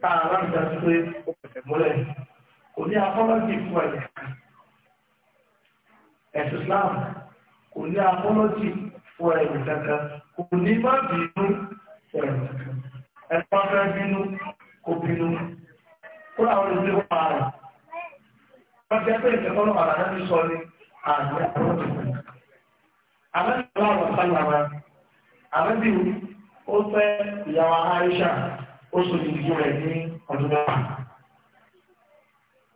tá a rán ìdájú pé ó pẹ̀sẹ̀ mọ́lẹ̀ kò ní apọ́lọ́jì fún ẹ̀yà ẹ̀sùn Islam kò ní apọ́lọ́jì fún ẹ̀yà kankan kò ní má bínú ẹ̀yà kankan ẹ̀kọ́ fẹ́ bínú kò bínú kó làwọn olùdíje wọn máa rẹ̀ wọ́n ti ẹgbẹ́ ìkẹ́kọ̀ọ́ náà àlàyé ti sọ ní àgbẹ̀ apọ́lọ́jì fún ẹ̀yà àbẹ́bí ọlọ́run sálàmà àbẹ́bí ó fẹ́ ìyàwó Aisha ó sọ ìdíjú rẹ̀ ní ọdún mẹ́fà.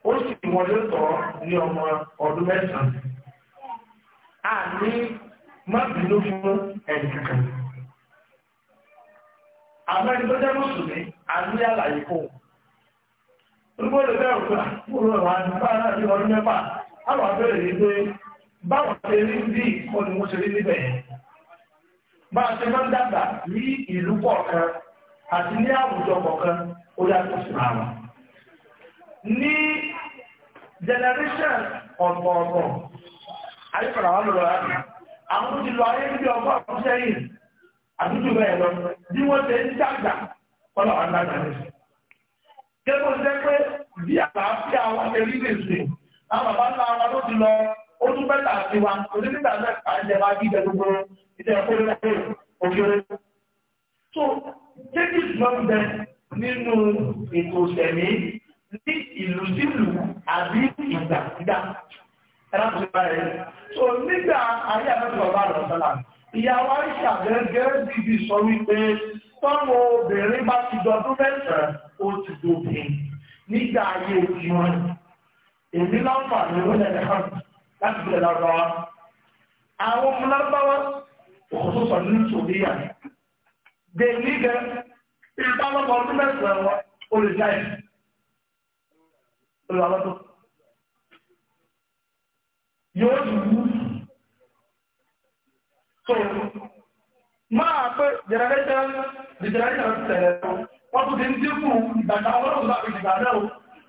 ó sì wọlé tọ́ ní ọmọ ọdún mẹ́sàn-án. a ní má bínú fún ẹnì kankan. àmọ́ ẹni tó jẹ́ mùsùlùmí a ní àlàyé fún un. olùkọ́ lè bẹ́ẹ̀ ah, rúkọ́ àkókò rẹ̀ wá ní bá náà ní ọdún mẹ́fà. àwọn abẹ́rẹ́ yìí pé báwọn ṣe rí bí ìkọ́ni wọ́n ṣe rí níbẹ̀ yẹn. bá a ṣe máa ń dàgbà ní ìlú kọ̀ọ̀kan àti ní àwùjọ kọ̀ọ̀kan ó yàtọ̀ síra wọn. ní generation ọ̀gbọ̀ọ̀gbọ̀ ayípadà wà lọ́wọ́ láti àwọn tó ti lọ ayé níbi ọgbọ́n àwọn sẹ́yìn àdúgbò bẹ́ẹ̀ lọ bí wọ́n ṣe ń dàgbà kọ́lá wà dàgbà ní. kébò jẹ́ pé bí àlàáfíà wọn ṣe rí nìsín àwọn bàbá ńlá wọn ló ti lọ ó tún bẹ́ẹ̀ tààtì wa onídìgbà náà àjẹmá gíga gbogbo ìdẹ́kùnrin náà òkèrè tẹ́bí lọ́gbẹ̀ nínú ètò ìṣẹ̀mí ní ìlú sílù àbí ìgbàgbà ẹ̀rọ̀pọ̀lọpọ̀ rẹ̀. so nígbà ayé àbẹ́sọ̀rọ̀ bá lọ sọ́là ìyàwó àìsà gẹ́gẹ́ bíbí sọ wípé tọ́mọ obìnrin bá ti dọdún mẹ́sàn-án ó ti dópin nígbà ayé òkè wọn èmi láǹfààní ìwé ẹ̀ka láti gbé lọ́wọ́ àwọn ọmọ lábáwá òkòtò sọ̀rọ̀ nítorí àná dèmí gẹ ìbálòpọ̀ ọdún mẹ́sàn-án ẹ̀wọ̀ olùjáì olùwàlọ́dún yóò tún wú so máa pé generation the generation tẹ̀lẹ̀ wọ́n tún ti ń dínkù ìgbàgbà ọlọ́run láti ìgbàgbà o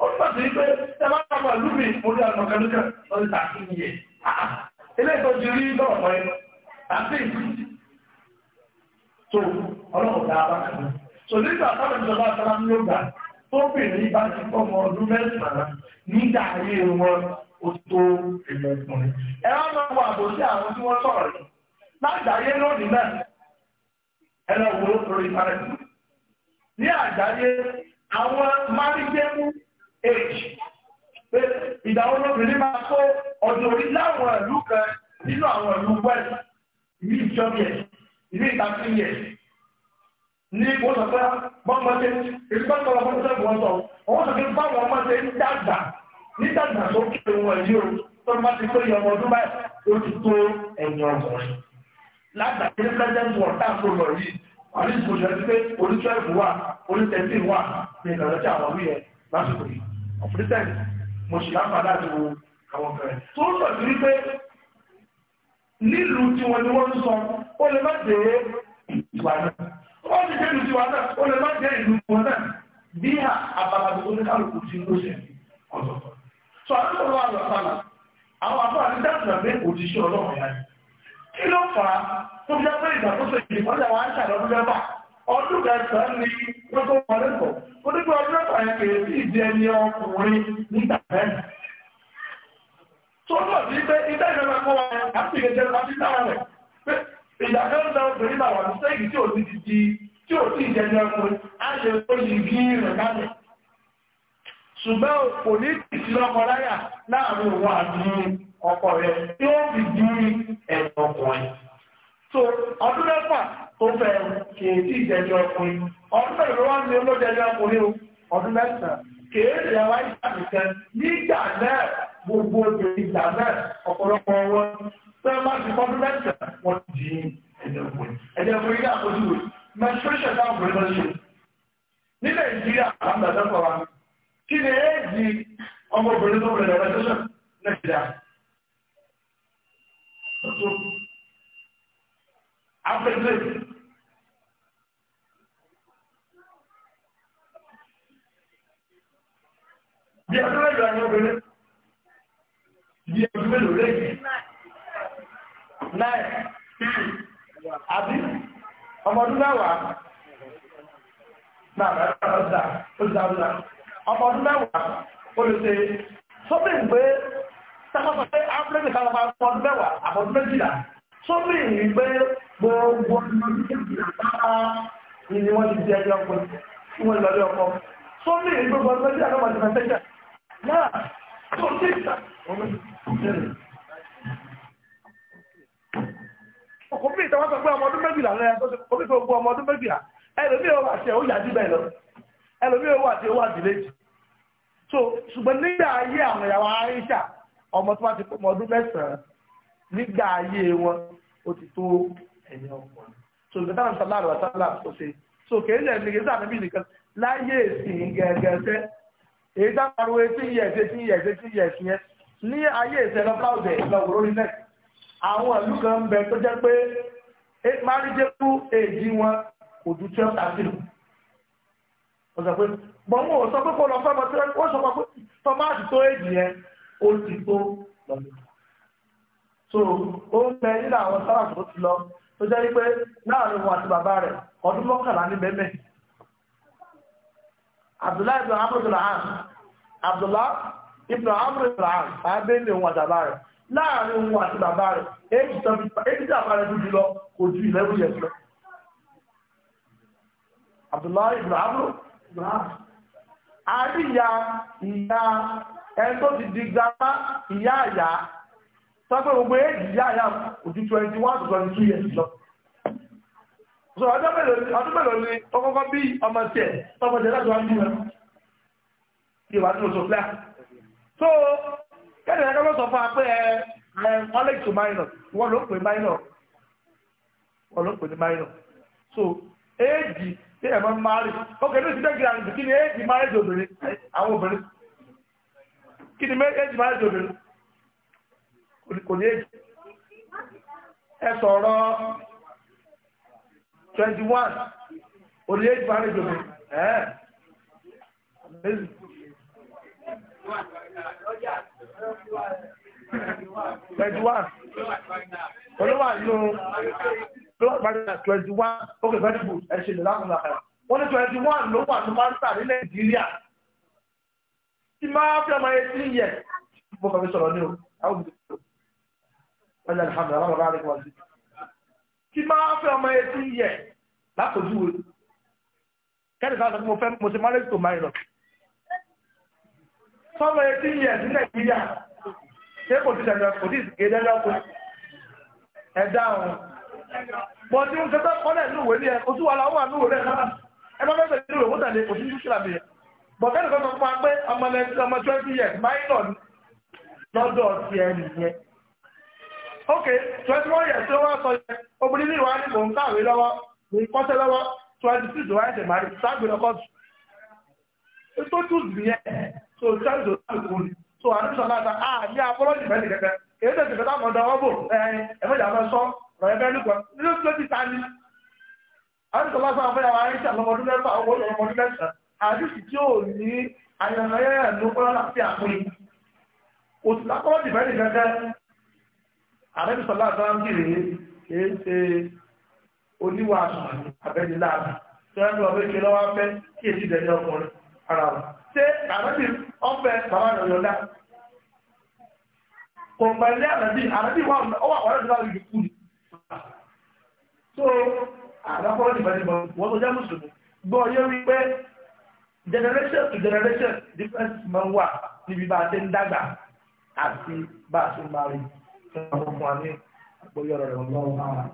ọdún ah, tó ti pé ẹ máa ń pàlú mi orí ọ̀nà kẹlúkẹ lọ́dún tàbí iye ilé ìtọ́jú rí lọ́wọ́ pẹ̀lú àti tó ọlọ́run dá bá so nígbà táwọn ìjọba sára ń lò gbà tó bèrè bá ti kọ́ ọmọ ọdún mẹ́sàn-án nígbà ayé wọn ó tó èlò ọkùnrin. ẹ wá máa wọ àbò sí àwọn tí wọ́n sọ̀rọ̀ yìí lágbàáyé lónìí náà ẹ lọ wo west ilé ìtàkùn yẹ ní ìfowópamọ́ bọ́mọdé ìfowópamọ́ bọ́mọdé ìfowópamọ́ ọwọ́ dàgbà ní dàgbà tó kéré wọn yìí o tó má ti pé ìyọmọ ọdún báyìí ó ti tó ẹ̀yìn ọkùnrin látàkì ní pẹ́sẹ́ntì wọn tá à tó lọ yìí àní ìfòjọ́ ti pé oníṣẹ́ ìfò wà onítẹ̀sí wà ní ìlànà tí àwọn wíyẹn lásìkò yìí ọ̀fíìsẹ́ǹtì ó lè má dé ìwà náà ó ti dé ìwà náà ó lè má dé ìlú wọn náà bí àbàlàbí oníkàlùkù ti ló ṣe ọ̀tọ̀ọ̀tọ̀ so àdúgbò wa lọ sálà àwọn àbọ̀ àti dáàbò pé òjíṣẹ́ ọlọ́run yá ni kí ló fà á tó fi dápẹ́ ìdàkóso ìdìbọ́lẹ̀ wa ń ṣàlọ́dún mẹ́fà ọdún kẹsàn-án ni wọ́n tó wọn lẹ́kọ̀ọ́ ó ní pé ọdún mẹ́fà yẹn kèrè sí ìdí ẹni ọkùnrin nígbà bẹ́ẹ̀ tó lọ sí pé ilé ìjọba kọ́ wa àti ìgbẹ́jẹ́ ìdàkẹ́ ń bẹ̀rẹ̀ pẹ̀lú àwọn àmìsẹ́gì tí ò ti ti di tí ò tí ìjẹjẹ ọkùnrin á ṣe tó yìí bí rẹ̀ kálẹ̀ ṣùgbọ́n kò ní ìtì lọ́kọ láyà láàrin òun àti ọkọ rẹ̀ tí ó fi di ẹ̀sùn ọkùnrin tó ọdún mẹ́fà tó fẹ́ kì í tí ìjẹjẹ ọkùnrin ọdún mẹ́rin wá ní olójẹjẹ ọkùnrin o ọdún mẹ́sàn kìí ṣe wáyé àmì nígbà náà gbogbo ìgbà náà ọ̀pọ̀lọpọ̀ wọn bẹ́ẹ̀ bá ti fọ́n mẹ́ta wọ́n ti di ẹ̀dẹ̀kùn ẹ̀dẹ̀kùn ilé àkójúwe menstruation náà bẹ̀rẹ̀ lọ ṣe ní nàìjíríà àbàdàn kọ̀wa kí ni éèdì ọmọbìnrin tó bẹ̀rẹ̀ menstruation nàìjíríà tó afẹ́fẹ́ bí ẹgbẹ́ mẹ́lòó ni obìnrin bí ẹgbẹ́ mẹ́lòó lẹ́yìn nine àbí ọmọ ọdún mẹ́wàá náà mẹ́ta ọ̀dà ọ̀dà ọ̀dà ọmọ ọdún mẹ́wàá olùsè sọ́bì ń gbé sábàbà pé áfíríkì kan máa fọ́ ọdún mẹ́wàá àbọ̀dún méjìlá sọ́bì ń gbé gbogbo ọmọ ọdún méjìlá sábà ni wọ́n ti di ẹgbẹ́ ọkọ̀ tí wọ́n lọ lé ọkọ̀ sọ́bì ń gbé gbogbo ọdún méjìlá náà máa ti so ṣùgbọ́n nígbà ayé àwọn ìyàwó aisha ọmọ tó wá ti pọ̀ ọdún mẹ́sàn-án nígbà ayé wọn ó ti tó ẹ̀yìn ọkùnrin so ìgbà táwọn sọlá àrùn àtàlà tó ṣe so kéèyàn ẹ̀mí kéèyàn sáà níbi nìkan láyé ìsìn gẹ̀ẹ́gẹ́sẹ́ èyí dáparò eighteen years eighteen years eighteen years yẹn ní ayé ìsẹ̀lọ́pàá ọ̀dẹ̀ ìlọ́wọ́ Eh, máríjẹ́kú èjì wọn kò ju twelve thirty lọ. ó ò sọ pé kó lọ fẹ́ tí wọ́n sọ pé tọ́máàtì tó èjì yẹn ó ti tó lọ́dún. so ó ń bẹ nínú àwọn sábà tó ti lọ tó jẹ́ pé láàrin òun àti bàbá rẹ̀ ọdún mọ́kànlá ní bẹ́ẹ̀ Abdullahi ibn Amr ibn Al-As Abdullahi ibn Amr ibn Al-As àbẹ́lẹ̀ òun àti bàbá rẹ̀ láàrin òun àti bàbá rẹ̀ èyí tó fi èyí tó àbá rẹ̀ dúdú lọ kò ju eleven years lọ Abdullahi ibn Amr ibn Amr àríyá ìyá ẹni tó ti di gbàgbá ìyá àyà sọ́pẹ́ gbogbo èjì ìyá àyà ojú twenty one to twenty years lọ so ọjọ́ mẹ́lòó ni ọkọ́kọ́ bí ọmọ tiẹ̀ tọ́mọ tiẹ̀ láti wá bí wọn kí wàá tún sọ fúlẹ̀ so kẹ́lẹ̀ ẹ̀kọ́ ló sọ fún wa pé ẹ̀ ẹ̀ wọ́n to minor wọ́n ló pè minor ọlọ́pẹ̀ ní minor so éèjì tí ẹ̀mọ́ ń márì ọkẹ̀ ní ìsìnkú gíga nìkí ni éèjì márìjì obìnrin àwọn obìnrin kí ni éèjì márìjì obìnrin kò ní éèjì ẹ sọ̀rọ̀ twenty one òní éèjì márìjì obìnrin ẹ̀ẹ́ twenty one olúwa nù lọ́wọ́ ìpàdé twenty one okay very good ẹ ṣe lè láwọn làkàrà wọ́n ní twenty one ló wà ní mọ́tà ní nàìjíríà tí máa fi ọmọ eighteen years mo kàn o àwọn olùdókòwò e. wọ́n yà alhamdulilayi wọ́n bá rẹ̀ kọ́ sí tí máa fi ọmọ eighteen years látòjúwe kẹ́ni ká lọ sí mo fẹ́ mo ṣe marriage to my love sọ́mọ eighteen years dáhùn. bọ̀ tí ń kẹta kọ́lẹ̀ ní òwe ní ẹ ojú wa làwọn àánú òwe rẹ̀ náà ẹ bá fẹ́ bẹ̀rẹ̀ ní òwe tẹ̀lé kò sí ní ṣílá mi bọ̀ kẹ́lẹ̀ kan sọ pé ọmọ ọmọ twenty years minor lọ́dọ̀ ti ẹ nìyẹn ok twenty one years ló wá sọ yẹn obìnrin ní ìwà ní mò ń kàwé lọ́wọ́ mò ń lọ́wọ́ twenty six wáyé ṣe máa rí sáàgbé lọ́kọ́ tù tó tù so so àdúgbò náà ah ní lọ́yẹ̀ bẹ́ẹ̀ nìkan nínú tó ti ta tí ò ní ayẹyẹ ló kọ́ láti àpòyí. òtù lápọ́wọ́ ti bẹ́ẹ̀ nìkan gẹ́ àdìsọ bá sáwọn kì ṣe oníwà tí wọ́n lọ́wọ́ kí èsì dẹ̀ ní ọkùnrin ara rẹ̀. ṣé àgbàpọ̀ ìbẹ̀rẹ̀bọ̀ wọ́n tó jẹ́ mùsùlùmí gbọ́ yé wípé generation to generation difference máa ń wà níbi bá a ṣe ń dàgbà àti bá a ṣe ń parí fún àwọn ọmọ ní àgbóyè ọ̀rọ̀ rẹ̀ lọ́wọ́ náà.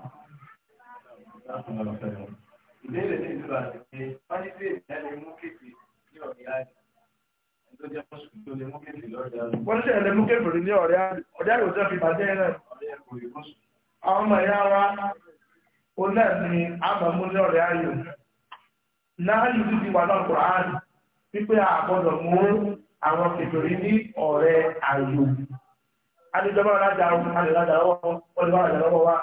ìbéèrè ní ìlú àti pálíṣẹ́ ìyá lè mú kéèkì ní ọ̀rẹ́ àjẹ́ tó jẹ́ mùsùlùmí tó lè mú kéèkì lọ́rẹ́ ó náà ni àmọ̀mú ní ọ̀rẹ́ ayò láàyò tó ti wà náà Quran wípé a gbọ́dọ̀ mú àwọn kèfèrí ní ọ̀rẹ́ ayò adéjọba alájà ọ̀hún adéjọba ọwọ́ ọdún alájà lọ́wọ́ wa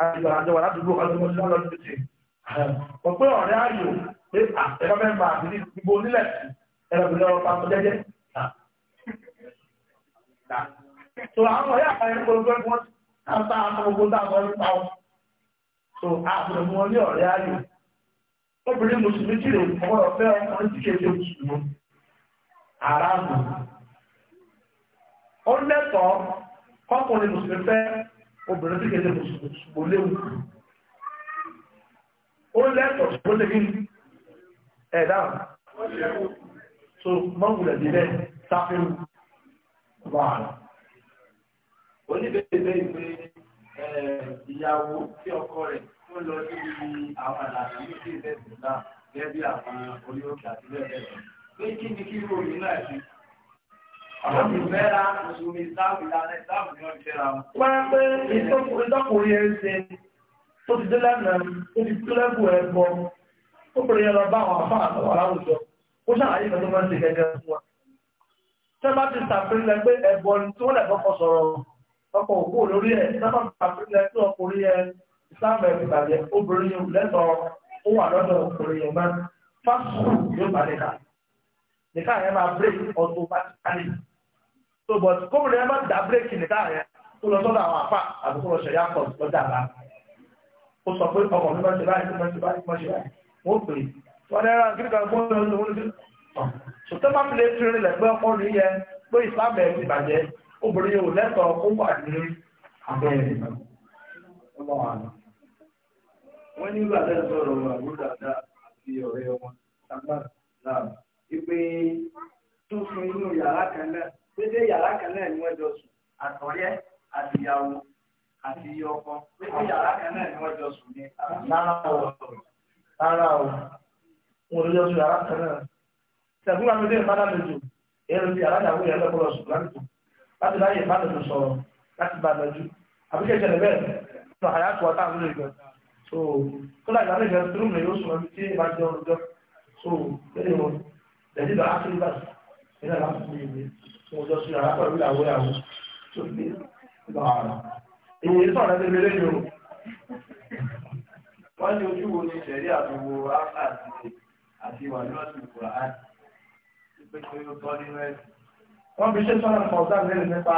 adéjọba alájà wà ládùúgbò ọdún ọdún lọ́dún tètè wọ́n pé ọ̀rẹ́ ayò pé ẹ̀rọ mẹ́fà àti ìbò nílẹ̀ ẹ̀rọ ìbílẹ̀ ọ̀pá jẹ́jẹ́ tó àwọn ọ̀rẹ́ àpáyé kó ló fẹ́ fún ọ́n so àbúrò wọn ní ọ̀rẹ́ ayò obìnrin mùsùlùmí tí lè fọwọ́ ọ̀fẹ́ ọkùnrin tí kéde mùsùlùmí aráàlú ó lẹ́tọ̀ọ́ kọ́kùnrin mùsùlùmí fẹ́ obìnrin tí kéde mùsùlùmí kò léwu ó lẹ́tọ̀ọ́ tó lè rí ẹ̀dá so mọ́wùlẹ̀ nílẹ̀ sáfẹ́rù wà. oníbẹ̀rẹ̀ bẹ́ẹ̀ Eh, ìyàwó tí ọkọ rẹ̀ tó lọ síbi àwọn àlàyé méjì ìfẹ̀sìn náà gẹ́gẹ́ bí àwọn olóòkè àti bẹ́ẹ̀ bẹ́ẹ̀ lọ. pé kí ni kí ló rí náà ṣe? àwọn ìfẹ́ra mùsùlùmí ìsáàmù ìlànà ìsáàmù ni wọ́n fẹ́ra wọn. wọ́n á pé ìtọ́kùnrin ẹ̀ ń ṣe tó ti dé lẹ́nà tó ti tó lẹ́kùn ẹ̀ bọ̀ ó bèrè lọ bá àwọn afá àtàwọn aláwùjọ ó ṣàlàyé ìfẹ́ tó máa ń ṣe gẹ́gẹ́ fún wa. tẹ́ bá ti ṣàpèlẹ̀ pé ẹ̀bọ̀n tí wọ́n lẹ̀ kọ́kọ́ sọ̀rọ̀ ọkọ̀ òkú lórí ẹ̀ sábà pàṣẹ tí ọkùnrin yẹn sábà ẹ̀ bàjẹ́ obìnrin yẹn lẹ́tọ̀ọ́ ó wà lọ́dọ̀ ọkùnrin yẹn máa fásitì yóò bá nìka nìka yẹn máa break ọ̀tún pátákálì tó bọ̀ kóbìnrin yẹn máa dá break nìka yẹn tó lọ sọ́dọ̀ àwọn àfà àbúkú lọ ṣẹ̀yà pọ̀ lọ́jà àbá ó sọ pé ọkọ̀ mi máa ṣe báyìí máa ṣe báyìí máa ṣe báyìí wọ́n pè é wọ́n dẹ́rẹ́ àgbẹ̀ kan fún ọ̀rọ̀ ọ̀rọ̀ obìnrin ò lẹ́tọ̀ọ́ ó wà ní abẹ́ rẹ̀ ọlọ́wọ́ àná. wọ́n ní ìgbàdá sọ̀rọ̀ àbúrò àdá àti ọ̀rẹ́ wọn sagbara náà ìpè tó sun inú yàrá kan náà dédé yàrá kan náà ni wọ́n jọ sùn àtọ̀rẹ́ àtìyàwó àti ọkọ dédé yàrá kan náà ni wọ́n jọ sùn ní àtìyàwó. rárá o wọn ò lè yàrá kan náà. sẹ̀gbọ́n àti ọdún ìbára lè jù èrò ti yàrá ìyàwó yẹn lọ́kọ́ lọ sùn lálẹ́ tó láti láyè ìbánisọ̀ sọ̀rọ̀ láti bá dájú àbíkẹ́ ìṣẹ̀lẹ̀ bẹ́ẹ̀ lọ àyà tó wọ́tá àbúrò ìgbà so kọ́lá ìgbàlẹ̀ ìgbà tó rúmù yóò sọ̀rọ̀ tí ìbá jẹ́ ọ̀rọ̀jọ́ so lẹ́yìn wọn lẹ́yìn lọ áfíríkà ìlànà láti fún ìwé fún ọjọ́ sí ara pẹ̀lú ìyàwó ìyàwó tó fi lọ àrà èyí sọ̀rọ̀ ẹgbẹ́ lé o. wọ́n ní ojú wo ni ìṣẹ̀rí àbúwo áfà àti àti wà lọ́sùn kùrà á ti pé tọ́ nínú ẹ̀sìn wọ́n fi ṣe sọ́nà fọ̀ọ̀sán lẹ́nu nípa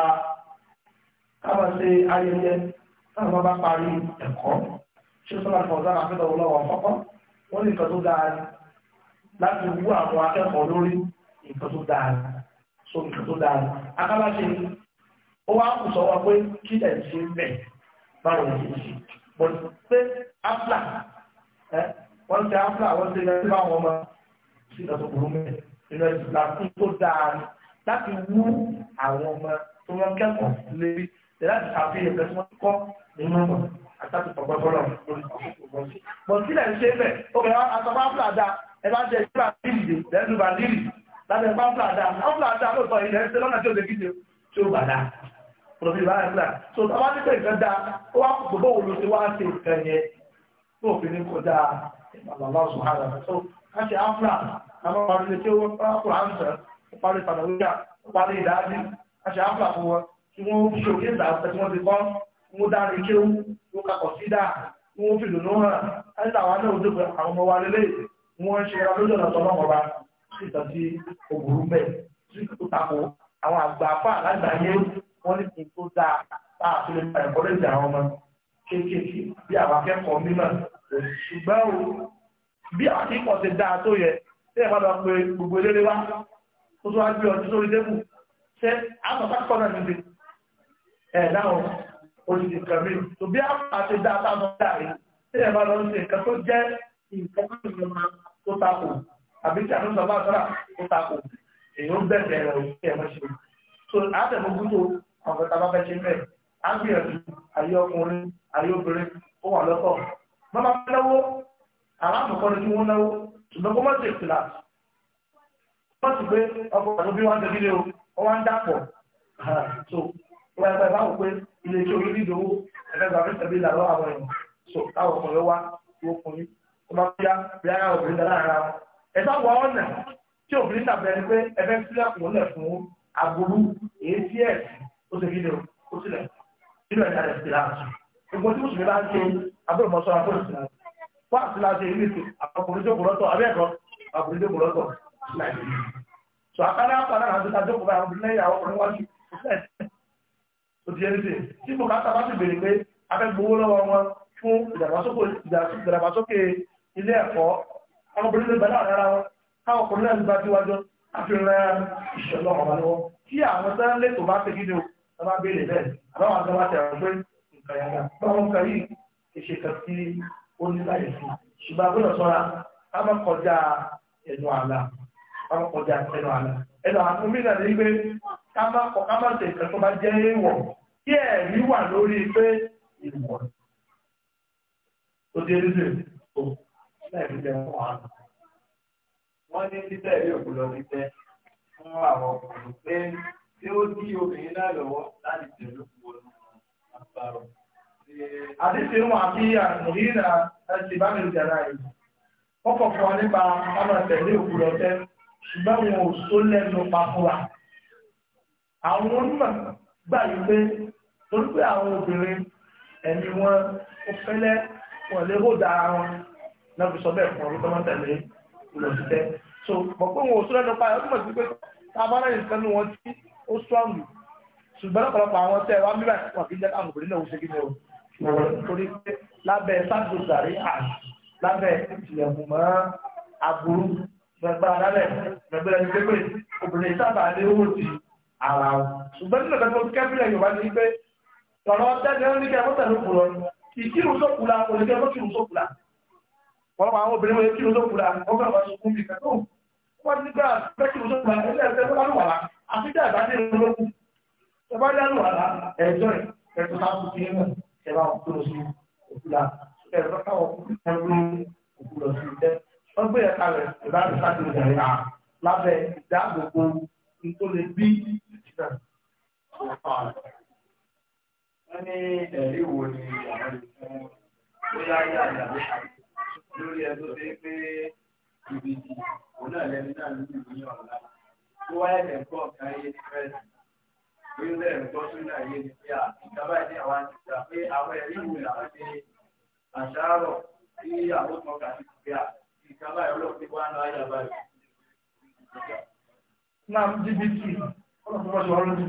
káwọn ṣe ayẹyẹ náà wọ́n bá parí ẹ̀kọ́ ṣe sọ́nà fọ̀ọ̀sán àfihàn ọlọ́wọ́ fọ́kọ́ wọ́n ní nǹkan tó dáa láti wú àwọn akẹ́kọ̀ọ́ lórí nǹkan tó dáa so nǹkan tó dáa akábáṣe ó wá kù sọ́wọ́ pé kí ẹ̀ ṣe ń bẹ̀ báwo ni kì í ṣe bọ̀ pé áfíà wọ́n ṣe áfíà wọ́n ṣe ẹgbẹ́ báwọn ọmọ sí ìdàtọ̀ burú mẹ́rin nínú ẹ̀sìn láti wú àwọn ọmọ tó wọ́n kẹ́kọ̀ọ́ lérí láti àfihàn ẹ̀kẹ́ tí wọ́n kọ́ nínú ọmọ àtàkì pọ̀pọ̀pọ̀lọ̀ bọ̀ sílẹ̀ ń ṣe bẹ̀ obìnrin àtọ́fà fúlàdà ẹ bá jẹ ìgbà lílì lẹ́nu bá lílì lábẹ́ bá fúlàdà àwọn fúlàdà lóòótọ́ ilẹ̀ ń ṣe lọ́nà tí ó lè kíjẹ tí ó bàdà pọ̀lọ̀bí ìbá rẹ̀ fúlà so ọba nípẹ́ ìkan dá ó wá gbogbo wo ló ti wá ṣe nǹkan yẹn tó òfin ní kọjá ìmọ̀lọ́lọ́sùn parí ìpàdàwíyà parí ìdájí aṣe àpà fún wọn tí wọ́n fi òkè ìdàgbẹ́ tí wọ́n ti kọ́ mú dáre kéwú ló kakọ̀ sí dáa tí wọ́n fi dùnú hàn ẹ̀ńtà wa náà dùn àwọn ọmọ wa lélẹ̀ wọ́n ṣe ra lójú ọ̀nà tọ́lọ́ ọba sí ìtàn tí òwúrú mẹ́ sí kò tako àwọn àgbà afá alágbàáyé wọ́n ní kí n tó dáa tá a fi lè pa ẹ̀kọ́ lẹ́sẹ̀ àwọn ọmọ kéékèèké bí àwọn akẹ́kọ̀ọ́ mímọ̀ ṣùgbọ́n bí àkíkọ̀ ti dáa tó yẹ tí ẹ̀ bá lọ pé gbogbo eléré wá ó tó wá gbé ọdún sórí débù ṣe àpapọ̀ kọ́nà ní ti ẹ̀ dáhùn oṣù kẹrì tó bí àti dá àtàwọn dáre tí ẹ̀ bá lọ sí nǹkan tó jẹ́ nǹkan tó yẹ máa tó takò àbí tí àdúgbò bá sọ́ra tó takò èyí ó bẹ̀rẹ̀ rẹ̀ òun tí ẹ̀ mọ́ ṣe so àtẹ̀mọ́gbútó àwọn ọ̀gá bá fẹ́ ṣe mẹ́rin á gbìyànjú ayé ọkùnrin ayé obìnrin ó wà lọ́kọ̀ mọ́ máa fẹ́ lọ́wọ́ àwọn àkọ́kọ́ ni kí wọ́n náwó ṣùgbọ́n kó má ṣe ìpìlà wọ́n ti gbé ọkọ̀ pẹ̀lú bí wọ́n ń tẹ̀lé o wọ́n ń dàpọ̀ so wọ́n ẹgbẹ́ báwo pé ilé tí orí dídòwó ẹgbẹ́ gbàgbé tẹ̀lé làlọ́ àwọn èèyàn so táwọn ọkùnrin wá tó kùnrin tó bá fíyà bí ara obìnrin dára ara wọn ẹ̀sà wọ ọ̀nà tí obìnrin dàbẹ̀ ni pé ẹgbẹ́ sílẹ̀ kùn lẹ̀ fún agbóró èyí tí ẹ̀ ó ti kíni ó sílẹ̀ sílẹ̀ ní alẹ́ sílẹ̀ àti ìgbò tí mùsùlùmí bá ń ṣe abúlé mọ́sọ́ra fún ìsìn sọ àkàrà àpàdà àti ìdájọ́kọ̀ báyìí àwọn obìnrin àwọn ọkùnrin wájú ó ti ẹni sí tí mo bá sábà sì béèrè pé abẹ́gbowó lọ́wọ́ wọn fún ìdàgbàsókè ilé ẹ̀kọ́ àwọn obìnrin lè bẹ̀rẹ̀ àrẹ́ra wọn káwọn ọkùnrin náà ń gbájú wájọ́ àfihàn ìṣẹ̀lẹ̀ ọ̀rọ̀ lọ́wọ́ tí àwọn sẹ́rẹ́ lè tó bá ṣe gídé o bá béèrè bẹ́ẹ̀ àbáwọn àgbà wá tẹ̀rọ pé nǹkan yàrá báwọn ọkọjà ẹnu àná ẹnu àná mi náà ní pé ká má bá jẹ́ èèwọ̀ kí ẹ̀rí wà lórí pé èèwọ̀ tó dé tó jẹ́ fún wa. wọ́n ní títẹ̀ fún àwọn ọkùnrin pé tí ó dí obìnrin náà lọ́wọ́ láti tẹ̀lé bá mi ṣùgbọ́n wọn ò só lẹ́nu papòrà àwọn onímọ̀ gbà yí pé torí pé àwọn obìnrin ẹ̀mí wọn ó fẹ́lẹ́ wọn lè hó da wọn náà fi sọ bẹ́ẹ̀ fún ọdún tó tẹ̀lé olùsítẹ́ so mọ̀ pé wọn ò só lẹ́nu papòrà ó túmọ̀ sí pé tábàárà nìkan ni wọ́n ti ó sọ́ọ̀mù ṣùgbọ́n ọ̀pọ̀lọpọ̀ àwọn tẹ́ wá mìíràn wọ́n kì í jẹ́ káwọn obìnrin náà ó ṣe kí ni o torí pé lábẹ́ sáàtò sàrí àṣ lábẹ́ ìtìlẹ̀mù gbẹgbẹ alálẹ̀ gbẹgbẹ ẹni pépè obìnrin sábà ní owó ti ara o ṣùgbọ́n nínú ìgbà tó ti kẹ́bílẹ̀ yorùbá ni pé tọ̀rọ̀ tẹ́lẹ̀ ó ní kí ẹmọ́tẹ̀ ló kùrọ̀ ìkírun tó kùra kò ní kí ẹmọ́ kírun tó kùra wọ́n máa àwọn obìnrin wọn kírun tó kùra wọ́n fẹ́ wọ́n sunkún bìkan tó wọ́n ti gbà fẹ́ kírun tó kùra ilé ẹ̀fẹ́ tó ẹ̀ wọ́n ẹ̀ka rẹ̀ ìbáraẹni sáà tó yàrá yà lábẹ́ ìdáàbòbò tó lè bí ìjìnà. wọ́n ní ẹ̀rí wo ni àwọn ìfún bóyá yà yàrá lórí ẹ tó ṣe pé ìbejì òun náà lẹni náà ló ní ọ̀la tó wáyé lẹ̀ ń bọ̀ ká yé ní fẹ́ẹ̀sì bí ó lẹ̀ ń gbọ́ sórí náà yé ní pé à ìjọba ìdí àwọn àti ìgbà pé àwọn ẹ̀rí wo làwọn ṣe àṣàrọ̀ sí àwọn ọmọ kàṣí pé à ìkàbá ìrọ̀lọ́ ti wá lọ ayé àbáyé. Náà jìbìtì ọlọ́pàá ṣe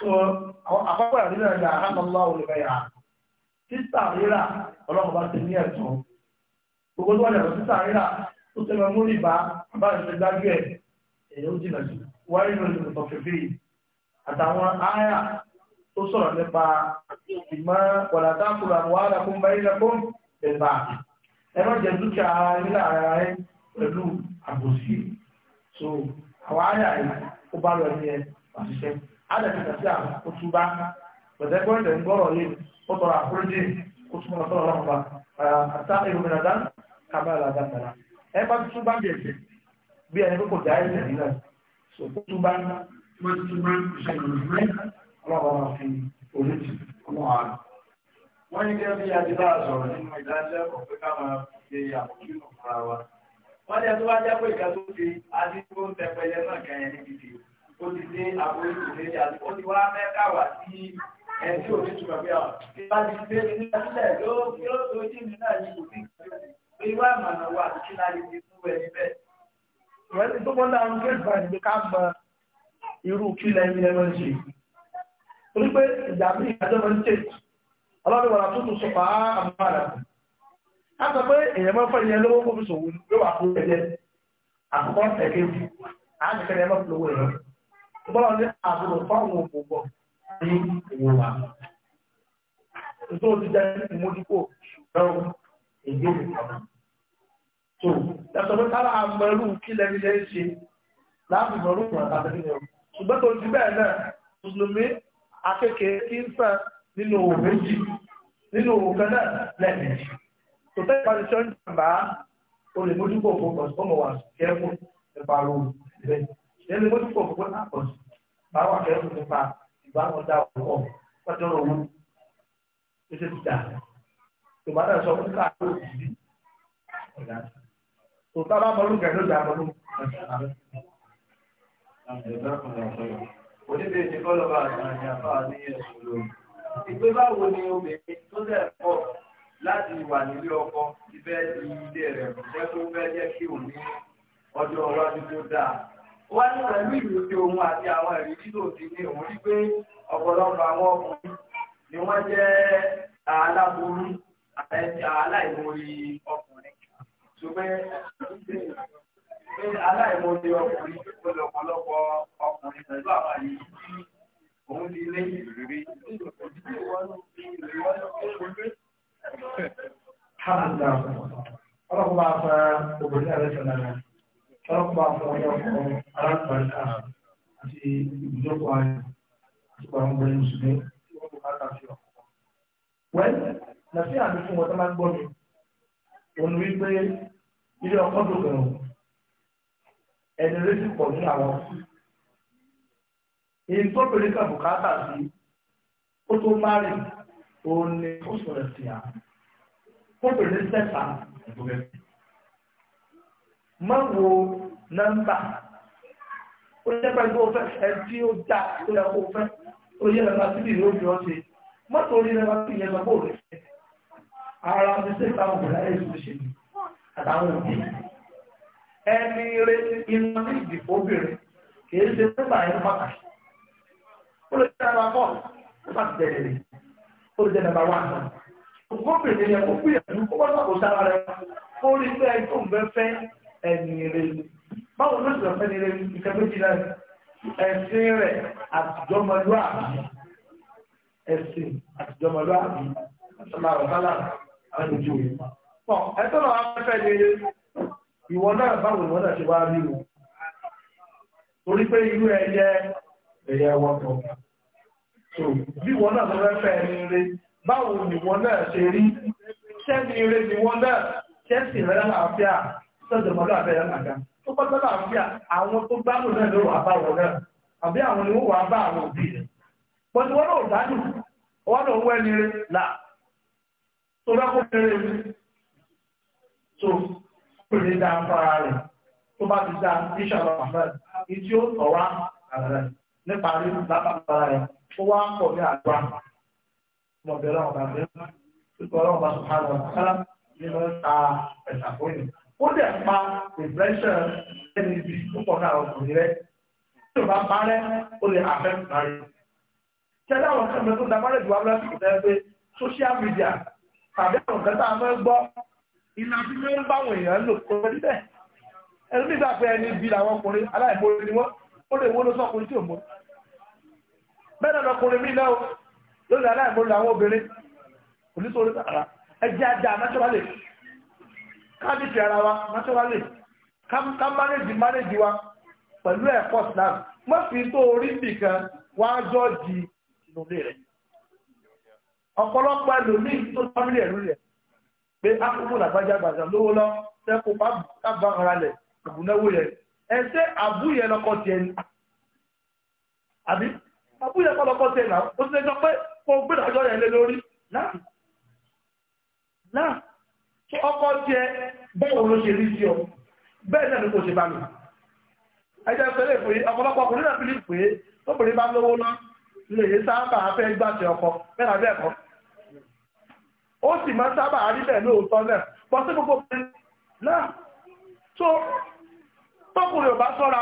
So àkọ́kọ́ àríra ìyá àkàtọ̀lá olùbẹ̀yà. Títà rírà ọlọ́pàá ti ní ẹ̀tọ́. Gbogbo tó wà lẹ́rọ títà rírà tó tẹ́lẹ̀ mú rìbá bá ìṣẹ́ dájú ẹ̀ èyí ó jìnà jù. Wáyé ló ti tọ̀ fèfè àtàwọn áyà tó sọ̀rọ̀ nípa ìmọ̀ wàlátàkùnrin àwọn alákùnbáyé lẹ́kùn bẹ̀rẹ̀ ẹ̀rọ jẹ dúkìá nílà ara rẹ pẹ̀lú àbòsí so àwọn àyà yìí ó bá lọ ní ẹ àṣìṣe adàkìtà sí àwọn òtúbá pẹ̀lẹ́gbọ́n ìdẹ̀ ń gbọ́rọ̀ yìí ó tọrọ àforíjì kó túnmọ̀ lọ́sọ̀rọ̀ ọ̀rọ̀ ọ̀pá àtà ìròmìnà dá kábà làdá tara ẹ bá tún bá bí ẹsẹ̀ bí ẹni kókò dá ẹsẹ̀ nílẹ̀ so kó tún bá tún bá ìṣẹ̀lẹ̀ ọlọ́run fi orí ti wọ́n ní gẹ́gẹ́ bí adébá sọ̀rọ̀ nínú ìdánilẹ́kọ̀ọ́ pé ká máa ṣe àmójútó fúnra wa wọ́n ní ẹjọ́ wá jẹ́ pé ìka tó fi adígbó ń tẹpẹlẹ náà kẹyìn níbi tí ó ti dé àbójútó lórí àti ó ti wá mẹ́ka wà sí ẹni tí òbí túmọ̀ pé àwọn ìbá ti gbé ní ilẹ̀ yóò yóò tó jí mi náà yìí kò sí pé ìwà ìmọ̀nà wà kí láyé ti fún ẹni bẹ́ẹ̀. ìwọ́n ti tó wọ́n náà ń gbé ìgbà ìgbé ká mọ irú kí lẹ́yìn lẹ́wọ́n ṣe. torí pé ìgbà míì ìdájọ́ máa ń tètè ọlọ́dún wà tó tún sọpá àmàrà a sọ pé èyàn máa fẹ́ ìyẹn lówó kófí sòwò yóò wà fún ẹ̀jẹ̀ àkọ́kọ́ ẹ̀kẹ́ fún a ti fẹ́rẹ̀ ẹ̀mọ́ fúlówó ẹ̀rọ bọ́lá ní àbúrò fáwọn òkòkò ní ìwò wa tó ti jẹ́ ìmójúkò ṣùgbọ́n èdè ṣùgbọ́n tó ti bẹ́ẹ̀ náà mùsùlùmí akékèé kí ń sàn nínú òwò méjì nínú òwò kan náà lẹ́ẹ̀mejì tó tẹ́ ìpàdé tí wọ́n ń jàǹbá o lè mójúkọ̀ fún ọmọ wa kẹ́kọ̀ọ́ nípa ro rẹ̀ ìyẹn lè mójúkọ̀ fún àkọ́sí bá wà kẹ́kọ̀ọ́ nípa ìbámu dá ọ̀pọ̀ pẹ́jọ́ owó ṣíṣe ti dà tó bá dà sọ fún káàkiri òbí ọ̀gá tó tá bá mọ́lú kẹ́kọ̀ọ́ ìjà mọ́lú Oníbèjì kọ́lọ̀ bá àtàrà ní àfáà ní ẹ̀sùn lórí ìgbé báwo ni obìnrin tó dẹ̀ pọ̀ láti wà nílé ọkọ ti fẹ́ di ilé rẹ̀ jẹ́ tó fẹ́ jẹ́ kí òun ní ọjọ́ iwájú tó dáa. wá ní pẹ̀lú ìlú tí òun àti àwọn ìrírí tó ti ní òun rí pé ọ̀pọ̀lọpọ̀ àwọn ọkùnrin ni wọ́n jẹ́ aláboyún àti aláìmọye ọkùnrin ṣùgbọ́n aláìmọye ọkùnrin ọ̀pọ̀lọpọ̀ ọkùnrin pẹ̀lú àwọn ìrírí òun ti lé ìrírí ọlọ́pàá bá fa obìnrin àrẹ sọ̀rọ̀ ọlọ́pàá bá fa ọlọ́pàá arákùnrin àrẹ àti ibùdókọ̀ ayé àti àwọn obìnrin mùsùlùmí tí wọ́n kò bá ta sí ọ̀pọ̀. wẹ́n nàfi àmì fún wọn tó máa ń gbọ́ mi òun wí pé ilé ọkọ̀ tó bẹ̀rù ẹni lójú pọ̀ ní àwọn ọkùnrin èyí tó pèlè kan bùkátà sí ó tó márì òun ni ó sọ̀rọ̀ sí à ó pèlè sẹ́ta ẹ̀gbọ́n má wo nọ́mbà ó yẹ pé ẹgbẹ́ òfẹ́ ẹ tí ó dá ó yẹ kó fẹ́ ó yẹ lọ́ba síbi ìlú òbí ọ̀sẹ̀ mọ́tò orí lọ́ba síbi ìyẹn lọ́ba òrẹ́ fẹ́ ara ọdún sẹ́ta ọ̀gbọ̀n ayé ìṣòṣèlú àtàwọn òbí ẹni rẹ iná ìdìbò obìnrin kì í ṣe nígbà yẹn pàtàkì ó lè jẹ́ nàbà fọ́ ó bá ti tẹ̀lé rẹ̀ ó lè jẹ́ nàbà wá. Gómìnà yẹn kó gbìyànjú kó wọ́n sàkóso ara rẹ̀ kó rí pé ẹni tó ń bẹ́ fẹ́ ẹni rẹ̀. Báwo ló sọ̀rọ̀ fẹ́ni rẹ̀ ìkẹ́ méjì náà ẹ̀sìn rẹ̀ àtijọ́mọlúwà ẹ̀sìn àtijọ́mọlúwà ọ̀sán àrọ̀sálà àwọn ìjọ yìí. Pọ̀ ẹ̀tọ́ náà wá fẹ́ ni ìwọ náà báwo ìwọ náà ṣe wá rí o. Torí pé irú ẹ̀ ẹ̀yà wọ́pọ̀. So bí wọn náà lọ fẹ́ ẹni rẹ, báwo ni wọn náà ṣe rí? Ṣẹ́ni rẹ ni wọn náà rẹ sọ́jọ́ mọ́lá àwọn tó náà ló wà náà. Àbí àwọn ni wọ́n wà bá àwọn òbí rẹ̀. Pọ̀jù wọn náà dájú, wọn náà ẹni là. Tó bá kó mi. So kò lè dá fara rẹ̀. Tó bá ti dá, nípa rí látàkùnra rẹ̀ ó wá ń pọ̀ ní àdúrà mọ̀bẹ̀rẹ̀ ọ̀gá bẹ́ẹ̀ pípọ̀ ọlọ́run bá sùn hàn ọ̀kálá nínú ta ẹ̀sà fóyìn. ó dẹ̀ pa depression ẹni ibi púpọ̀ náà ọkùnrin rẹ̀ tí ò bá parẹ́ ó lè afẹ́ parí. kẹ́lẹ́ àwọn kan mẹ́tò dámọ́rẹ́ jù wá lọ́sìkò tẹ́ pé social media tàbí àwọn kan tá a fẹ́ gbọ́ iná tí wọ́n ń bá àwọn èèyàn lò kó lórí bẹ́ẹ̀. ẹni nígbà pé ẹni ibi làwọn ọkùnrin aláìmọ́ ni wọ́n ó lè wọ́n lọ bẹ́ẹ̀ lọ́kùnrin na náà lórí aláìmọ́lù àwọn obìnrin onítorí ara ẹjẹ́ ajá naturally kábíkì ara wa naturally ká mánéjì mánéjì wa pẹ̀lú ẹ̀kọ́ fi tó orí nìkan wá jọ́ọ̀jì ìnùlé rẹ̀ ọ̀pọ̀lọpọ̀ ẹlòmíì tó sábìlì ẹ̀rú rẹ̀ pé akókò làgbájá gbàgbà lówó lọ sẹ́kù bá ara lẹ̀ àbùnáwó yẹn ẹ̀ àbúyẹ lọ́kọ̀ tiẹ̀ ni àbí àbúyẹ kọlọkọ tẹ náà ó ti lè pé kó o gbéra ọjọ́ yẹn lé lórí náà náà tí ọkọ jẹ báwo ló ṣe rí sí ọ bẹ́ẹ̀ náà ni kò ṣe bá mi ẹjẹ pẹlẹ pé ọ̀pọ̀lọpọ̀ ọkùnrin náà fi lè pé obìnrin bá lówó ná lè sábà fẹ́ gbàṣẹ ọkọ bẹ́ẹ̀ náà bẹ́ẹ̀ kọ́ ó sì máa sábà rí bẹ́ẹ̀ lóòótọ́ náà bọ́ sí gbogbo pé náà tó tọkùnrin ò bá sọ́ra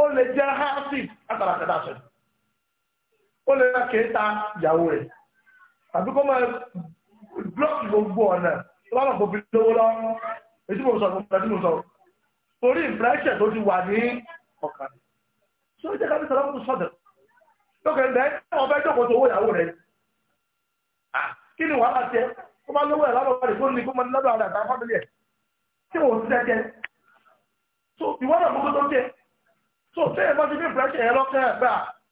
ó lè jẹ́ háàsì àtàràkàtà ṣẹlẹ̀ ó lè ra kéta ìyàwó rẹ̀ àbí kó máa blọ́ọ̀kì gbogbo ọ̀nà tó bá lọ́pọ̀ fi lówó lọ èyí mo sọ fún ọ̀nà tí mo sọ torí ìfúráṣẹ̀ tó ti wà ní ọkàn tí ó jẹ́ ká bí sọ́dọ̀ sọ́dọ̀ lókè ń bẹ́ ọ̀bẹ jókòó tó owó ìyàwó rẹ̀ kí ni wàhálà tiẹ̀ ó bá lówó ẹ̀ lọ́dọ̀ rẹ̀ tó ní kó máa ní lọ́dọ̀ rẹ̀ àtàwọn fábílì ẹ̀ tí wọ́n ti dẹ́kẹ́ so ìwọ́n náà mú kó tó tiẹ̀ so tẹ́yẹ̀ bá ti bí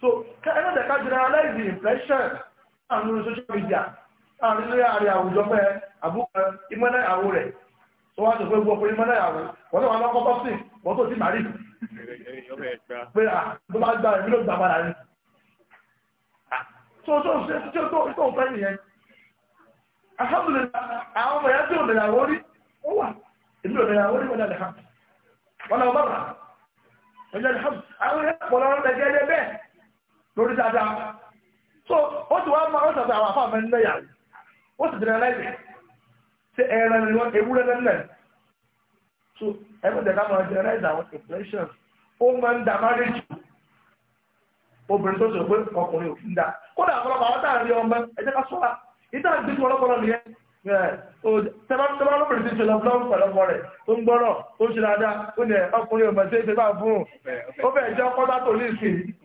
so ka tẹ̀ka generalize the impression àwọn orí social media àwọn ilé ààrẹ àwùjọ pẹ́ àbúkọ ìmọ̀nà ìyàwó rẹ̀ tó wá sọ pé gbogbo ìmọ̀nà ìyàwó wọ́n náà wọ́n lọ́kọ́ ti màrí pé à tó bá gba ìmílò gbà padà ní. so tó ṣe tí so tó so fẹ́ so alhamdulillah so ọmọ yẹn tí ò lè yàwó rí ó wà ìmílò lè yàwó lórí dáadáa so ó ti wá máa ó sàbẹ̀ àwọn afáàmẹ́ ń lẹ́yà ó sì dìrẹ́ lẹ́yìn ṣe ẹran ni wọ́n ewúrẹ́ lẹ́lẹ̀ so ẹgbẹ́ ìdẹ̀ká máa jẹ́ ẹ̀rẹ́ àwọn impressions ó máa ń da marriage obìnrin tó sọ pé ọkùnrin òfin dá kódà ọ̀pọ̀lọpọ̀ àwọn táà rí ọmọ ẹ̀jẹ̀ ká sọ́ra ìdá àti ìdíjú ọlọ́pọ̀lọ́ nìyẹn tẹ́lá ti ṣe lọ fún ọ̀pọ̀lọpọ̀ rẹ̀ tó ń gbọ́rọ̀ tó ń ṣe dáadáa ó ní ọkùnrin òmọ̀ sí ẹgbẹ́ bá fún un ó bẹ̀ẹ̀ jẹ́ ọkọ̀ bá tò ní ìsìn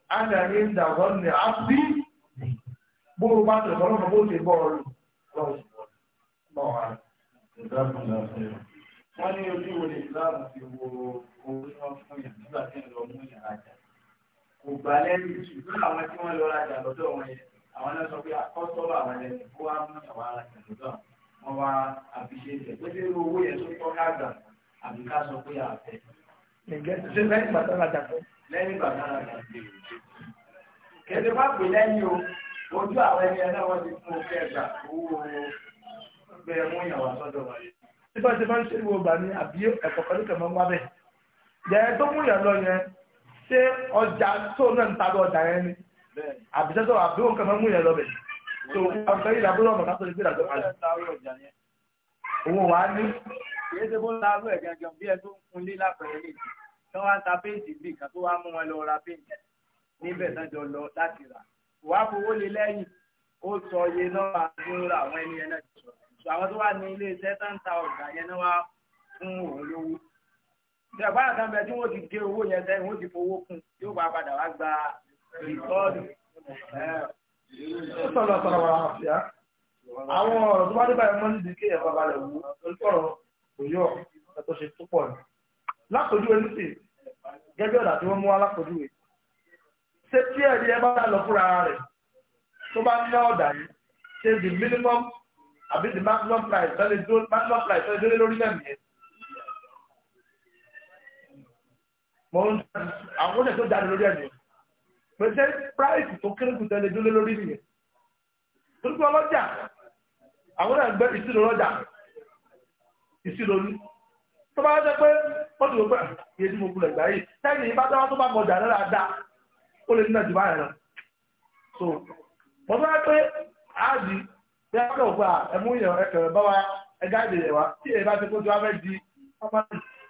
ana inda wọn ni a bí bóró bá tẹ̀ fọ́lọ́mọ bó ṣe bọ́ ọ̀rọ̀ wọ́n ní ojú wo lè láàmù fi wo owó tí wọ́n fún yàn nígbà tí ń lọ mú yàn rajà kò gbà lẹ́yìn ṣùgbọ́n àwọn tí wọ́n lọ rajà lọ́dọ̀ wọn yẹn àwọn náà sọ pé àkọ́sọ́bà àwọn ẹlẹ́sìn kó wá mú yàn wá rajà lọ́dọ̀ wọn wá àfiṣe ìṣẹ̀ pé ṣé owó yẹn tó tọ́ ká gbà àbí sọ pé àfẹ́. ṣé lẹ́yìn pàtàkì àjàkọ́ lẹ́yìn bàbá rẹ̀. Kèdè bá pè lẹ́yìn o, ojú àwọn ẹni ẹ̀dá wọn ti fún òkè ẹ̀gbà owó bẹ́ẹ̀ mú ìyàwó àtọ́jọ́ wa. Nígbà tí wọ́n ń ṣe ìwò ọgbà ní àbí ẹ̀kọ́ pẹ̀lú kẹ̀mọ́ wá bẹ̀. Yẹ̀ẹ́ tó mú ìyàn lọ yẹn, ṣé ọjà tó náà ń tàbí ọjà yẹn ni? Àbíṣẹ́ tó àbí òun kẹ̀mọ́ mú ìyàn lọ bẹ̀. Tó àbíṣẹ́ yìí làbúrò ọmọ kátó ìgbéra tó kalẹ̀. Òun wà ní. Kì í ṣe bó ń la arú bí ẹ tó ń kun lé lápẹ̀rẹ̀ lè tí wọ́n ń ta péǹtì bíi kan tó wá mú wọn lọ ra péǹtì níbẹ̀ náà jọ lọ láti rà wà á fowó lé lẹ́yìn ó sọ iye náà tó ra àwọn ẹni yẹn náà sọ sọ àwọn tó wà ní ilé iṣẹ́ tó ń ta ọ̀gá yẹn náà wá fún òun lówó ìjọba àtàwọn ẹbí tí wọ́n ti gé owó yẹn sẹ́yìn wọ́n ti fowó kún yóò bá padà wá gba ìtọ́jú sọ̀rọ̀ sọ̀rọ̀ wà àfíà ah. àwọn ọ̀rọ̀ tó bá dé báyìí mọ́ nídìí kéèyàn bá balẹ̀ wù ú lórí ọ̀rọ̀ òyò ẹ̀tọ́ ṣe tó pọ̀ ní lápòjúwe nítì gẹ́gẹ́ ọ̀dà tí wọ́n mú wá lápòjúwe ṣé tí ẹ̀rí ẹ bá lọ fúnra rẹ̀ tó bá ní ọ̀dà yìí ṣe the minimum àbí the maximum price tẹ́lẹ̀ dó maximum price tẹ́lẹ̀ dólé lórí náà nìyẹn. mo ń àwọn oúnjẹ tó jáde lórí ẹ̀mí pé ṣé price tó kéré kù tẹ́lẹ̀ dólé lórí nìyẹn. torí pé ọlọ́jà àwọn náà gbé ìṣirò ọlọ́jà ìṣirò ní tó bá jẹ́ pé wọ́n ti wò pé ah, yé tí mo gbúlẹ̀ gbà yìí tẹ́yìn yìí bá tẹ́wọ́ tó bá mọ̀ ọjà náírà dá ó lè nílẹ̀ jù báyìí lọ. so mo tó bá pé áàdì bí a kọ̀ pé ah, ẹ̀mú yẹn ẹ̀kẹ̀rẹ̀ bá wa ẹ̀gá ìdè yẹn wa tí èyí bá ti kójú abẹ́ di ọmọ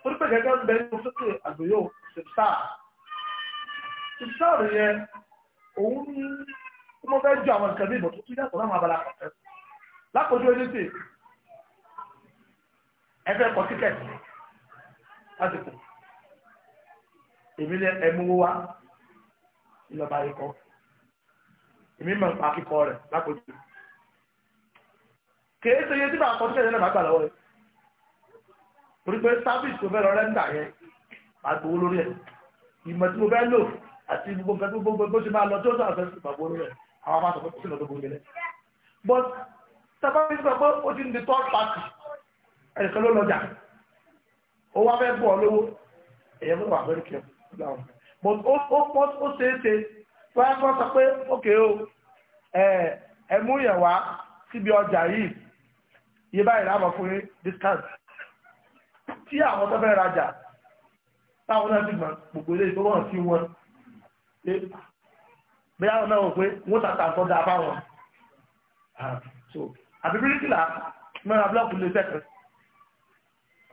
orí pé gẹ́gẹ́ ń bẹ ní sókè àgbèyò sèpsáà sèpsáà rẹ̀ yẹn òun ní mo fẹ́ ju àwọn nǹkan bí ìbò tó tún yàtọ̀ láwọn abala kọ̀ọ̀kan lápòjú ẹni tè ẹ fẹ́ kọ́ tíkẹ́ẹ̀tì lásìkò èmi ní ẹmúwó wá ìlọba ikọ èmi mọ̀ nípa akíkọ rẹ̀ lápòjù kèé ṣe iye tí màá kọ́ sí ẹ̀yẹ́ náà màá gbà lọ́wọ́ rẹ̀ torí pé sáfíìsì tó fẹ́ lọ rẹ́ńdà yẹn màá gbowó lórí ẹ̀ ìmọ̀ tí mo fẹ́ lò àti gbogbo nǹkan tó gbogbo bó ṣe máa lọ tí ó sọ̀rọ̀ fẹ́ gbàgbó lórí ẹ̀ àwọn máa sọ pé kí lọ́dọ̀ gbogbo ilẹ̀ but sábà ń sọ pé ó ti ń di third party ẹ̀ka ló lọ́jà ó wá fẹ́ bọ̀ lówó èyẹ fún wà very careful láwọn but ó pọ́ ó ṣeéṣe báyà kọ́ sọ pé ókè o ẹ mú yẹn wá síbi ọjà yìí yé báyìí láàmú fún yín discount tí àwọn tó fẹ́ rajà táwọn náà ti gbà gbogbo ilé ìfowópamọ́ sí wọn pé bóyá àwọn náà wò pé wọ́n tàtà tó dáa fáwọn ah, so àbíbílítì là mẹ́ra búlọ́ọ̀kù lè sẹ́kẹ̀ẹ́.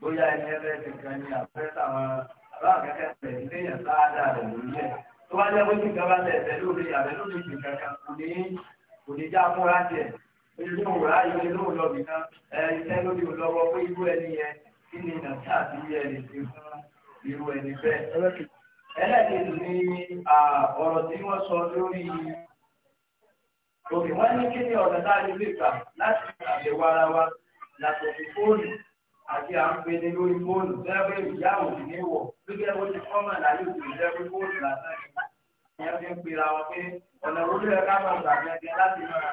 bóyá ẹni ẹgbẹ́ ti kan ní àfẹ́sà wọn aláàkẹ́kẹ́ tẹ̀ léèyàn sáádà rẹ̀ lórí ẹ̀ tó bá jẹ́ pé kí nǹkan bá tẹ̀ tẹ̀ lórí àbẹ̀ lórí ìgbìn kankan kò ní kò ní já fúnra jẹ̀ ojú ní òwúrọ̀ ayé ilé lóhùn lọ́bì kan ẹ iṣẹ́ lórí òlọ́wọ́ pé irú ẹni yẹn kí ni nàìjíríà àti ilé ẹni ti fún irú ẹni bẹ́ẹ̀. ẹlẹ́kejì ni ọ̀rọ̀ tí wọ́n sọ lórí òkè wọ́n ní kí ni ọ̀nà láàrin lè gbà láti àbẹ̀wò ara wa làtọ̀ sí àti à ń pele lórí fóònù lẹ́gbẹ́ ìyá òdì ní wọ̀ lókè ó ti kọ́ mọ̀ láyé òdì lẹ́gbẹ́ fóònù lásán ìyẹn fi ń pera wọn pé ọ̀nà orí ẹ̀ ká máa gbà gẹ́gẹ́ láti máa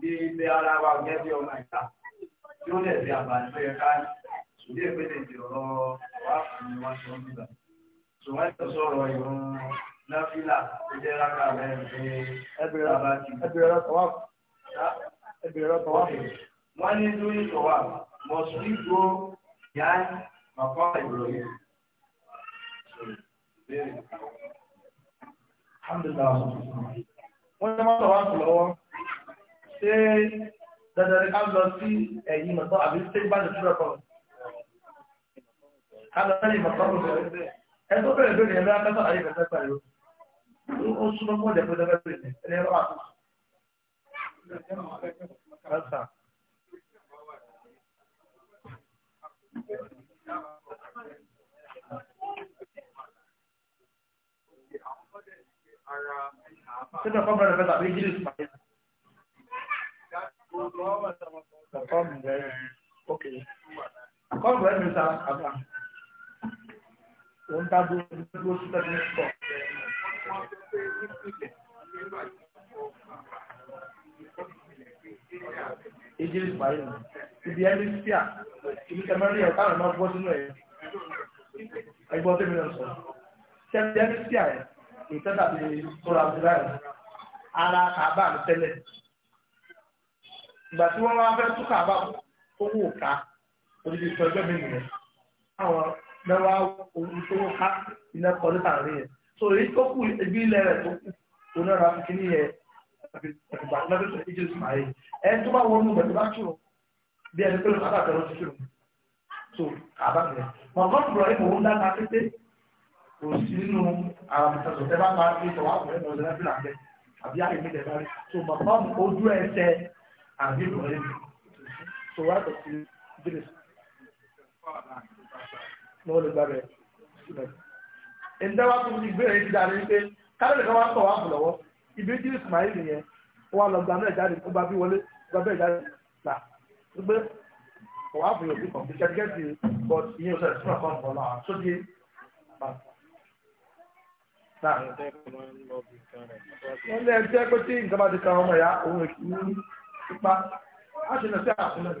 di ibi ara wa gẹ́gẹ́ bí ọmọ ìta tí ó lè fi àbàlí pé ká ìdí ìpele ti ọ̀rọ̀ wá fún mi wá sọ nígbà ṣùgbọ́n ìtọ́ sọ̀rọ̀ ìrún náfìlà ó jẹ́ rákà wọ́n ní lórí ìṣọ̀wá must we go behind Papa Ibrahim? Wọ́n ní wọ́n tọ̀wá kù lọ́wọ́. Ṣé dandan ni ká lọ sí ẹ̀yìn mọ̀tọ́ àbí ṣé bá lè túbọ̀ kọ̀? Ká lọ sẹ́yìn mọ̀tọ́ kù lọ́wọ́. Ẹ tó bẹ̀rẹ̀ lónìí ẹ̀rọ akẹ́kọ̀ọ́ àyè fẹ́fẹ́ pẹ̀lú. Ó súnmọ́ mọ́lẹ̀ fún ẹgbẹ́ pẹ̀lú ẹ̀rọ àkókò. Sínú ọkọ̀ bẹ̀rẹ̀ bẹ̀rẹ̀ tàbí jírí ìpàdé. Ọkọ̀ bẹ̀rẹ̀ ókè. Ọkọ̀ bẹ̀rẹ̀ mi ta àbá. Òun ta dúró sí tẹ̀lé sọ̀. Egypt parí nù. Ibi Hemisphere, ibi Kẹmẹ́rì ẹ̀ káwọn máa gbọ́ sínú ẹ̀. Ẹgbọ́n tẹ́mi náà sọ. Ṣẹ́bi Hemisphere ẹ̀ ìtẹ́tà ti sọ̀rọ̀ àbúrò ẹ̀. Ara kàbá mi tẹ́lẹ̀. Ìgbà tí wọ́n wá fẹ́ tún kàbá owó ká, odidi sọ ẹgbẹ́ mi nìyẹn. Àwọn mẹ́wàá olùsowó ká iná kọ́ nípa àárín yẹn. So èyí tó kù ibi ilẹ̀ rẹ̀ tó kù, òun náà ra fi yẹn ìgbà tó lọ́dún tó ti jésù máa yẹ ẹni tó bá wọnú ìgbà tó bá kírun bí ẹni pé lọ́dún àbàtà lọ́dún kírun tó àbàtà wọn kọ́ ìgbà ìmọ̀ òun dáná pété kò sí nínú àwọn àbùtàṣọ tẹ bá máa fi tọwọ́ àkùnrin mọ̀ ọ̀dẹ́rẹ́ fìlà bẹ́ẹ̀ àbí àyèmí tẹ̀ bárí tó bàbá ojú ẹsẹ̀ àbí ìrọ̀lẹ́ tó wá tọ̀ sí bírísì wọ́n lè gba bẹ́ẹ̀ sílẹ̀. ìdáwà tó ti gbé ẹ̀yìn ti dàrí pé káàdì kan wá tọ̀ wá bù lọ́wọ́ ìbejì Ismail yẹn ó wà lọ́gbà náà jáde ó bá bí wọlé ó bá bẹ́ẹ̀ jáde là gbé kò wá fún yòókù kọ̀ọ̀kì kẹ́kẹ́sì bọ́t ìyẹn ò sọ̀rọ̀ sílẹ̀ fún ọ̀pọ̀ náà tó di wọ́n lé ẹjẹ́ pé tí nǹkan bá ti kan ọmọ ìyá òun èkì ní ipa á ṣe lọ sí àkúnlẹ̀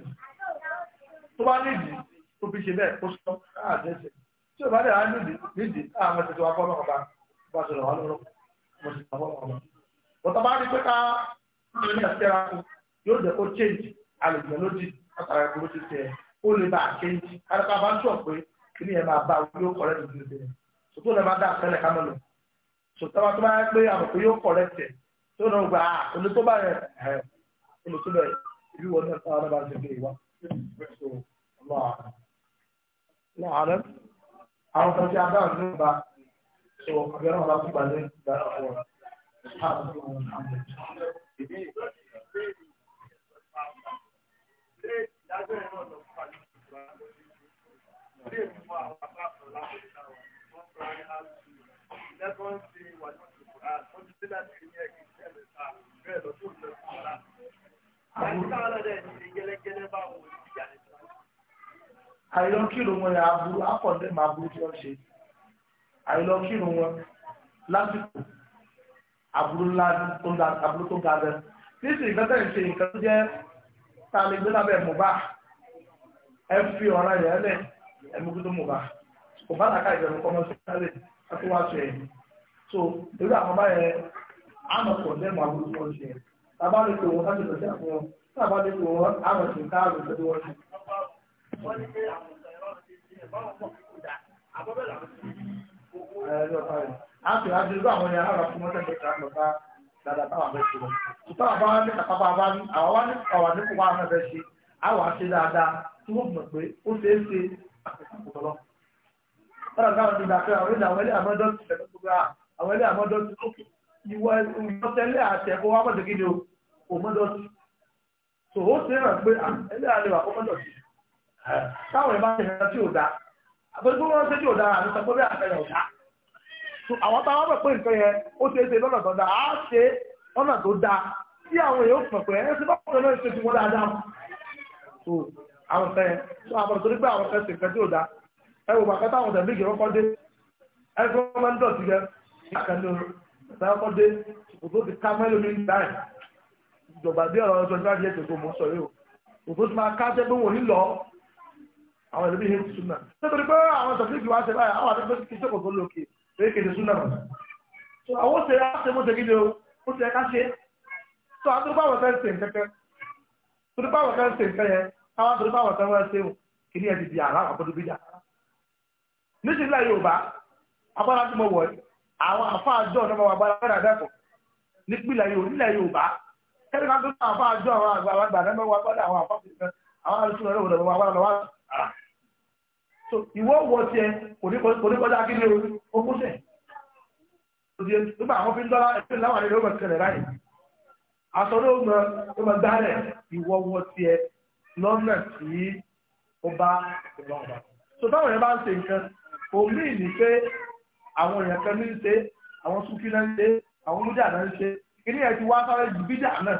tó bá nídìí tó fi ṣe bẹ́ẹ̀ kó sọ káàdé ṣe tí ò bá dẹ̀ á nídìí nídìí àwọn ti ti wá fọ́ ọmọ ọba bá ṣe lọ́wọ́ lọ́wọ́ mo sì tàbọ̀ ọmọ bọ́tọ̀ bá rí pé ká ní ẹ̀sẹ̀ra kù yóò jẹ́ kó change àlùjọ lójì látara ẹ̀kọ́ ló ti tẹ̀ ó lè bá a change kárípá bá ń sọ pé kí ni ẹ̀ máa bá wí yóò kọ̀rẹ́ tuntun bẹ̀rẹ̀ sòtó lè má dá àpẹẹrẹ ká mọ̀lẹ̀ sòtó bá tó bá pé àwọn ah, kò yóò kọ̀rẹ́ tẹ̀ tó náà gba òní tó bá rẹ̀ ẹ̀ òní tó bẹ̀rẹ̀ ìlú wọn náà táwọn bá ń ṣe ìwà láàárẹ̀ àwọn kan tí a bá ń lò bá so àbẹ̀rẹ̀ wọn bá tún gbà ní ìgbà náà wọn àìlọ́kírun wọn ni aburú akọ̀dé máa burú tí wọ́n ṣe àìlọ́kírun wọn lásìkò aburú ńlá tó ga aburú tó ga gan nísìnyí gbẹ́sẹ̀ ń ṣe nǹkan tó jẹ́ tá a lè gbé lábẹ́ mùbá ẹ fi ọ̀rọ̀ yẹn lẹ̀ ẹ mú kí tó mùbá kò bá làkà ìjọba kọ́mọ sí sálẹ̀ ká tó wá ṣe ẹ̀yìn so irú àwọn báyẹn àmọ̀ pọ̀ lẹ́mọ̀ aburú tó ń ṣe ẹ̀ tàbá lè pè wọ́n láti lọ sí àfihàn tàbá lè pè wọ́n àmọ̀ sí ká àrùn tó wọ́n ṣe. Ẹ lọ́ta rẹ̀ á sì wá dúró àwọn ẹni alára fún mọ́tẹ́ mẹ́ta lọ bá dáadáa táwọn abẹ́ ṣe lọ. Tùtọ́ àbá wa ní àpapọ̀ àbá ní àwa wá ní àwa ní kòwá àmọ́ ẹ̀fẹ́ ṣe àwa ṣe dáadáa tí wọ́n mọ̀ pé ó ṣe é ṣe àpẹẹrẹ ọ̀tọ̀lọ́. Bọ́lá káwọn ti gbà pé àwọn ilé àwọn ilé àmọ́dọ́ ti tẹ̀lé gbogbo àwọn ilé àmọ́dọ́ ti tó ìwọ ìmọ̀tẹ́lẹ̀ Táwọn ìbá tí ò dáa. Àpẹẹrẹ tó wọ́n ṣe tí ò dáa àti sọ pé bẹ́ẹ̀ àpẹẹrẹ ò dáa àwọn táwọn mọ̀ pé nǹkan yẹn ó ṣe é ṣe lọ́nà tó dáa á ṣe lọ́nà tó dáa tí àwọn èèyàn pọ̀ pé ẹ ṣe bá wọn náà ṣe ti wọn dáadáa so àwọn fẹ́ so àwọn tó ní pé àwọn fẹ́ ṣe nǹkan tí ò dáa ẹ wò bàkẹ́ táwọn tẹ̀lé ìgbẹ́ kọ́kọ́ dé ẹ fi wọn máa ń dọ̀tí yẹn àkàndó ìgbà kọ́kọ́ dé òtó ti ká mẹ́lò mi dáì ìjọba bí ọ̀rọ̀ ọjọ́ ìgbà díẹ̀ tó mú sọ yìí àwọn ìlú bí i ti súnà nítorí pé àwọn tọ̀síkì wá ṣe báyìí àwọn àti pẹ́sì kí sókòtò lókè èyí kèdè súnà rẹ̀ so àwọn ṣe láti mú ṣègídé o ó ṣe ká ṣe so àwọn torípá àwọn fẹ́ẹ́ ṣe nkẹ́kẹ́ torípá àwọn fẹ́ẹ́ ṣe nkẹ́ yẹn àwọn torípá àwọn fẹ́ẹ́ ṣe o kì ní ẹ̀ ti di àrà àwọn àpọ̀dù bíjà níṣìí nílẹ̀ Yorùbá agbára tí mo wọ̀ ẹ́ àwọn àfáàjọ náà máa gbára fẹ́ẹ́ dàdàpọ̀ nípìnlẹ̀ Yorùbá kẹ́rin ká tó ní àfáàjọ àwọn àgbàlagbà náà máa gbára àwọn àfáàjọ àwọn àlùsùn náà lọ́wọ́ Ah. so ìwọ wọ tiẹ̀ kò ní kọjá kí ni o kó sẹ̀ nígbà àwọn fi ń dọ́lá ẹgbẹ́ láwọn àlejò ọgbà kẹlẹ̀ báyìí àsọdọ́ ọmọ ọmọ gbálẹ̀ ìwọ wọ tiẹ̀ lọ́nà tí ó bá ìwọ ọba so táwọn èèyàn bá ń ṣe nǹkan omi ní pé àwọn èèyàn kan ní ṣe àwọn súnfì náà ń ṣe àwọn múdà náà ń ṣe kíní ẹ ti wá sáré ju bídà náà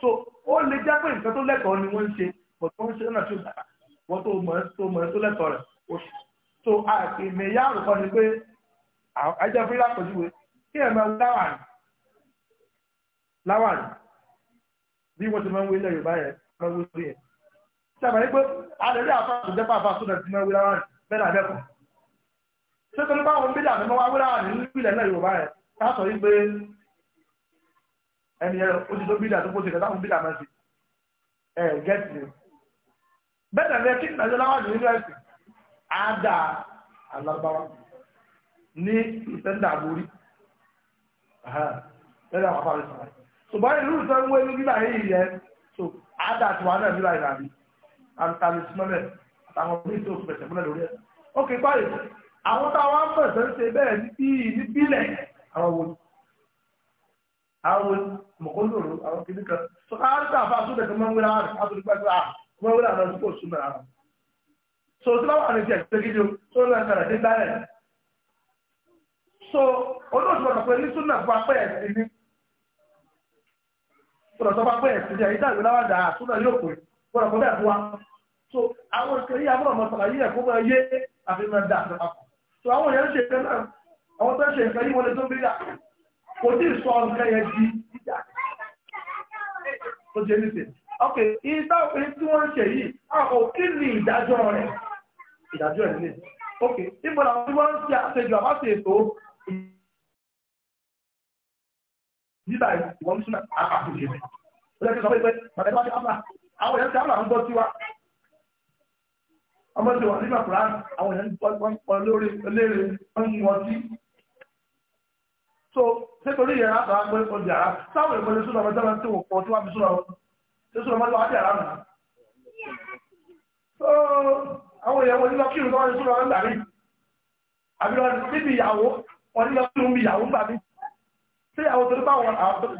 so ó lè jẹ́ pé nǹkan tó lẹ́kọ̀ọ́ ni wọ́n ń ṣe bọ̀tọ̀ ń ṣe lọ́nà tí ó dà wọ́n tó mọ̀ tó mọ̀ que lẹ́tọ̀ọ́ rẹ̀ oṣù tó àti ìmẹ̀yà àrùkọ ni pé ẹjẹ́ fúlá pẹ̀lúwe kí ẹ̀ máa láwàní láwàní bí wọ́n ti máa ń wé ilẹ̀ Yorùbá yẹn máa ń wé sórí yẹn sábà yìí pé àdéhùn àfáàtò jẹ́ pàfà sódà ti máa ń wé láwàní bẹ́ẹ̀ náà dẹ́kun ṣé tó ní bá wọn bídà mímọ́ wá wé láwàní nínú ilẹ̀ náà Yorùbá yẹn ká sọ yìí pé ẹni yẹn ó ti tó bídà tó kó ṣe kẹta fún bídà máa ṣe ẹ gẹ́tì bẹ́ẹ̀ tẹ̀lé kí nàìjíríà wà ní yunifásitì á dà alárúbáwá ní ìsẹ́ńdà àbórí lẹ́yìn àwọn afárẹ́ sọ̀rọ̀ ṣùgbọ́n ìlú ìtọ́ ń wé ní bíbá yìí yẹ so ada dà tiwa náà bíbá yìí nàbí àtàlẹ́ sùmọ́lẹ̀ àtàwọn oníṣẹ́ tó fẹsẹ̀ múlẹ̀ lórí ẹ̀ ó kì í pààyè àwọn táwọn afẹ́sẹ̀ ń ṣe bẹ́ẹ̀ níbí níbílẹ̀ àwọn wo àwọn mọ̀kọ́ lòrò àwọn kìnnìkan so káwọn àti àfa àtúndẹ̀kẹ́ mọ́ ń wé láwọn àtúndẹ̀kẹ́ wọ́n wúlò àwọn ọdún kò so tí wọ́n wà ní ti tó ń lọ ẹ̀sìn rẹ̀ so olóòtú ọ̀nà pé ní súnà fún apẹ́ ẹ̀sìn ní. ọ̀nà tó bá pẹ́ ẹ̀sìn ní ẹ̀yìn dàgbé láwàdà súnà yóò pè wọ́n kọ́ bẹ́ẹ̀ fún wa. so àwọn ìkẹyẹ àwọn ọmọ sàlàyé ẹ̀kọ́ máa yé so dà ok ìta òfin tí wọ́n ń ṣe yìí àwọn kí ni ìdájọ́ rẹ̀ ìdájọ́ ẹ̀ nílé ok níbo làwọn tí wọ́n ń ṣe àṣejù àbáṣe ètò nígbà ìwọ̀n ń súnà àkàtúnṣe rẹ̀ ó lẹ́sẹ̀ sọ pé bàtà ìwádìí ábà àwọn èèyàn ti ábà ń gbọ́ sí wa ọmọ tí wọ́n nígbà kúrán àwọn èèyàn ń pọ̀ sí so nítorí ìyẹn látara pé ó di àrà sáwọn ìpele súnà ọmọdé wọn tí wọ́n pọ̀ tí wọ́n fi súnà wọn tó sọ̀rọ̀ mọ́tò àti àrà mọ́. àwọn èèyàn wọn kí ìrùn tó wọ́n ti sọ̀rọ̀ ọ̀gbà mi àbí níbi ìyàwó wọn kí ìrùn bí ìyàwó gbà mí. ṣé àwọn tó ní bá wọn àwọn tó ti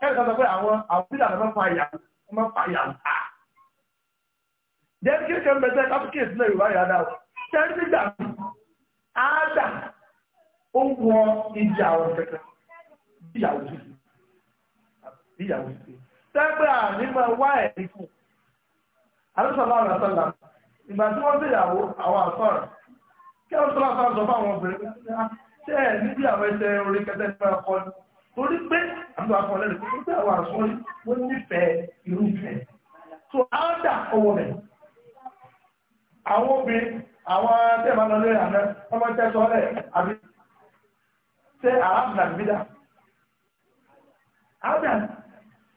sẹ́ sọ pé àwọn àwọn tí ìlànà fa ìyàwó máa fa ìyàwó à. Ah! jẹ́ kí kí n bẹ̀rẹ̀ káfíkì ìsìnlẹ̀ Yorùbá yà dá o ṣẹ́ni nígbà mi ó wọ ìjà àwọn kẹkẹ bí ìyàwó sí bí ìyàwó sí tẹ́gbẹ́ àníbẹ̀ wá ẹ̀rí fún àdúsọ̀lá rẹ̀ sọ̀lá ìgbà tí wọ́n gbéyàwó àwọn àfọ̀rọ̀ kí wọ́n sọ̀rọ̀ sọ̀rọ̀ sọ fún àwọn obìnrin ah, ṣé ẹ̀ níbi àwọn ẹsẹ̀ orí kẹtẹ́ ní ọkọ ni torí pé àdúrà kan lẹ́nu pé pé àwọn àsọ̀rí wọ́n nífẹ̀ẹ́ irúfẹ́ tó áńdà owó rẹ̀ àwọn obìnrin àwọn tẹ́ ẹ̀ máa lọ lórí àná wọ́n máa tẹ́ sọ́ọ́lẹ̀ àbí ṣé àrábìnrin àbí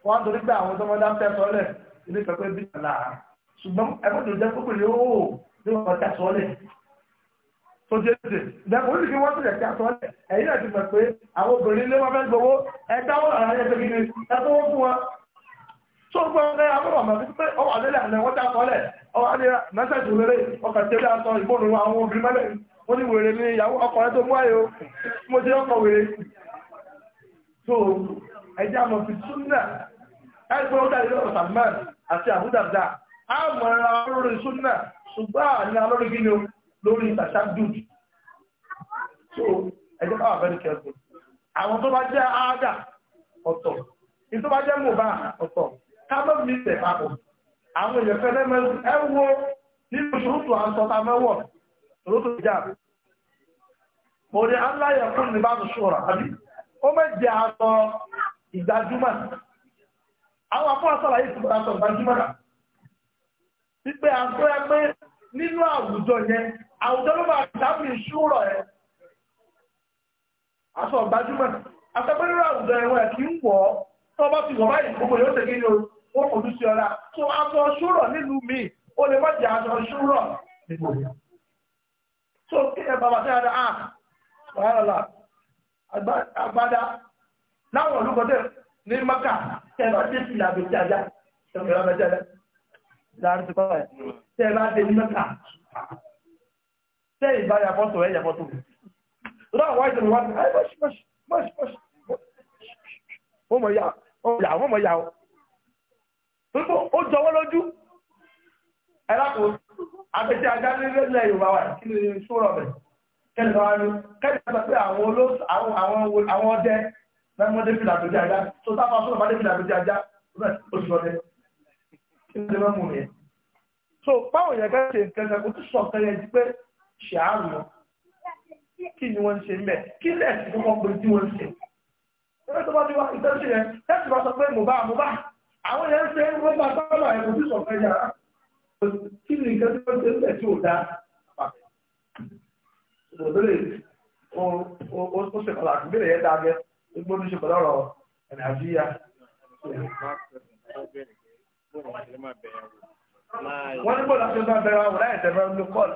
wọ́n á torí pé àwọn tọmọdá ń fẹ́ sọ́lẹ̀ ilé pẹ̀pẹ́ bí ìlà ṣùgbọ́n ẹgbẹ́ tó jẹ́ púpọ̀ yóò ní wọ́n tẹ́ sọ́lẹ̀ tó jẹ́ tẹ̀ dẹ́kun ó sì kí wọ́n tẹ̀ tẹ́ sọ́lẹ̀ ẹ̀yìn àti mọ̀ pé àwọn obìnrin lé wọn fẹ́ gbowó ẹ̀dá wọn àrà yẹn tóbi ni ẹ̀tọ́ wọn fún wọn tó gbọ́ ẹ abúrò ọmọ pípé ọwọ́ àdélé àná wọ́n tẹ́ sọ́lẹ̀ ọwọ́ àdélé mẹ́sẹ̀jì wéré ọkà tí ó dá sọ ìbónú àwọn obìnrin mẹ́lẹ̀ ó ní wèrè ní ìyàwó ọkùnrin tó mú ayò mo ti ọkọ̀ wèrè tó ẹjẹ́ àmọ̀ fi túnà ẹgbẹ́ ọdá ilé ọ̀rọ̀ Salman àti àbúdàdà a mọ̀ ẹ̀rọ olórí súnà ṣùgbọ́n àní alórí gíní lórí ìtàṣàdùd so ẹjẹ́ káwà bẹ́ẹ̀ kẹ́ẹ̀kọ́ àwọn tó bá jẹ́ áádà ọ̀tọ̀ ní tó bá jẹ́ mọ̀bá ọ̀tọ̀ kábọ̀ mi tẹ̀ papọ̀ àwọn èèyàn fẹ́ lẹ́mẹ́rù ẹ wo nínú ṣòrótò à ń sọ ta mẹ́wọ̀ ṣòrótò ìjà mo ní aláyẹ̀kún ní bá tó ṣòro àbí ó mẹ́jẹ àtọ ìgbàjúmọ̀ àwọn afọ àṣàlàyé ti bọ̀dá asọ gbajúmọ̀dà wípé àgbẹ̀ pé nínú àwùjọ yẹn àwùjọ ló máa dábì ìṣúrọ̀ ẹ̀ aṣọ gbajúmọ̀ àtẹ́gbẹ́ nínú àwùjọ ẹ̀wọ̀n ẹ̀ kì í wọ̀ ọ́ tí wọ́n bá ti wọ̀ báyìí gbogbo yóò o sí ọ̀la tó aṣọ ṣúrọ̀ nílùú mi ó lè má jẹ́ aṣọ ṣúrọ̀ tó kí ẹ bàbá sí ara ah wàhálà tẹ́lá dé sí ìlànà tí a já ìlànà tí a já láàrin tó kọ́ ẹ̀ tẹ́lá dé ní mẹ́ta tẹ́ ìbá yà fọ́tò ẹ̀ yà fọ́tò rán wáyé tó wá ẹ̀ mọ́ṣí mọ́ṣí mọ́ṣí mọ́ṣí wọ́n mọ̀ yà wọ́n mọ̀ yà ó tó ó jọwọ́ lójú ẹ̀ lápò àpẹtẹ ajá nílẹ̀ Yorùbá wà kí ni sóòrọ̀ rẹ̀ kẹ́lẹ̀ láwọn débìlà tó jẹ ajá so báwọn yẹn ká ṣe nǹkan kan kó tó sọ nǹkan yẹn di pé ṣàárù lọ kí ni wọ́n ń ṣe ń bẹ̀ kí lẹ́ẹ̀sì tó wọ́n pè tí wọ́n ń ṣe. ẹgbẹ́ tó bá ti wá ìtọ́jú yẹn lẹ́ẹ̀sì bá sọ pé mo bá mo bá àwọn yẹn ń ṣe wọ́n bá sábà yẹn kó tó sọ nǹkan yàrá kí ni nǹkan tí wọ́n ṣe ń bẹ̀ tí ò dáa ó ṣe kọlà àgbélé gbogbo ní ṣe pẹ̀lọ́rọ̀ ẹ̀nà àjíyá. wọ́n ní bọ́ọ̀lù àti ọ̀dọ́ abẹ́rẹ́ wọn láì tẹ̀lé ọdún kọ́ọ̀lù.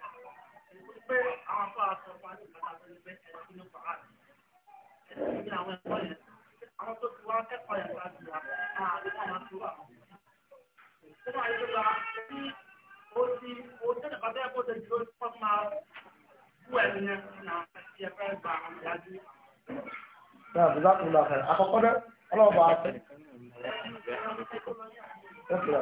pé àwọn afọ àtọ̀fà ní pàtàkì ní pé ẹ̀rọ kí ló fà á ní. ẹ̀sìn ní àwọn ẹ̀kọ́ yẹn àwọn tó ti wá kẹ́kọ̀ọ́ yẹn wá ju àwọn àwọn àwọn tó wà wọn. ó máa yẹ lọ́la tí ó ti ó tẹ̀lé bàbá ẹ̀kọ́ tó dúró tó máa kú ẹ̀mí yẹn nà ẹ̀sìn ẹ̀fẹ́ gba àwọn ìdájú. náà bí wàá kúndà fẹ́ àkọ́kọ́ dẹ́ ọlọ́ọ̀bà á tẹ̀. Thank you.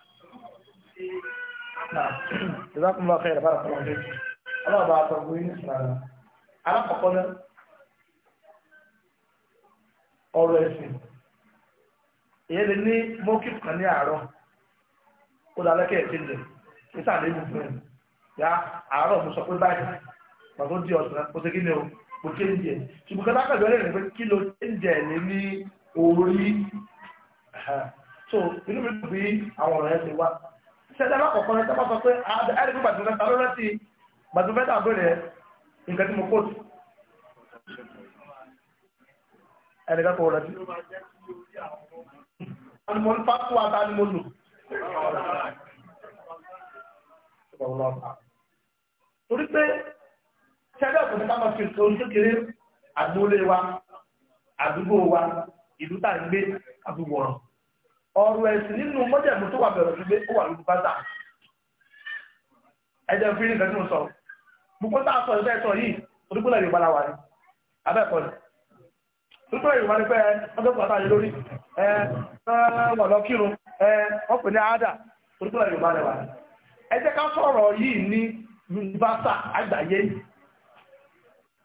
náà ìzákùnlọ́ ọ̀kẹ́ ìrẹ̀bára fún ọdún ọlọ́ọ̀bá àtọ̀gbọ́ yìí sàrà alákọ̀ọ́kọ́ náà ọ̀rọ̀ ẹ̀sìn èyí lè ní mọ́kìp kan ní àárọ̀ ó dá lẹ́kẹ̀ẹ́ ti lẹ̀ níta lè mú fún ẹ̀ yá àárọ̀ mo sọ pé báyìí pàtó di ọ̀sán ó ti kí ni o kò ké ń jẹ ṣùgbọ́n kí alákọ̀ọ́jọ́ lè rìn pé kí ló ké ń jẹ lé ní orí so inú mi dùn bí àwọn ọ̀rọ̀ ẹ̀ ti wá tẹ́lẹ̀ lákọ̀ọ́kọ́ rẹ̀ tẹ́lẹ̀ sọ pé ẹ̀rí fún gbàdúrà tàbí rántí gbàdúrà tàbí rẹ̀ nǹkan tí mo kó tù ẹ̀rí rẹ̀ tí wọ́n ń wa mo torí pé Ọrụ ẹ̀sìn nínú mọ́jẹ̀mú tó wà bẹ̀rẹ̀ tó gbé ó wà lórí bàtà ẹ̀jẹ̀ fún yín nǹkan sọ gbogbo tá a sọ ìfẹ́ sọ yìí onígbọ́nà yorùbá la wà ní lórí ẹ lọ kírun ẹ pè ní àádà ká sọ̀rọ̀ yìí ní àgbáyé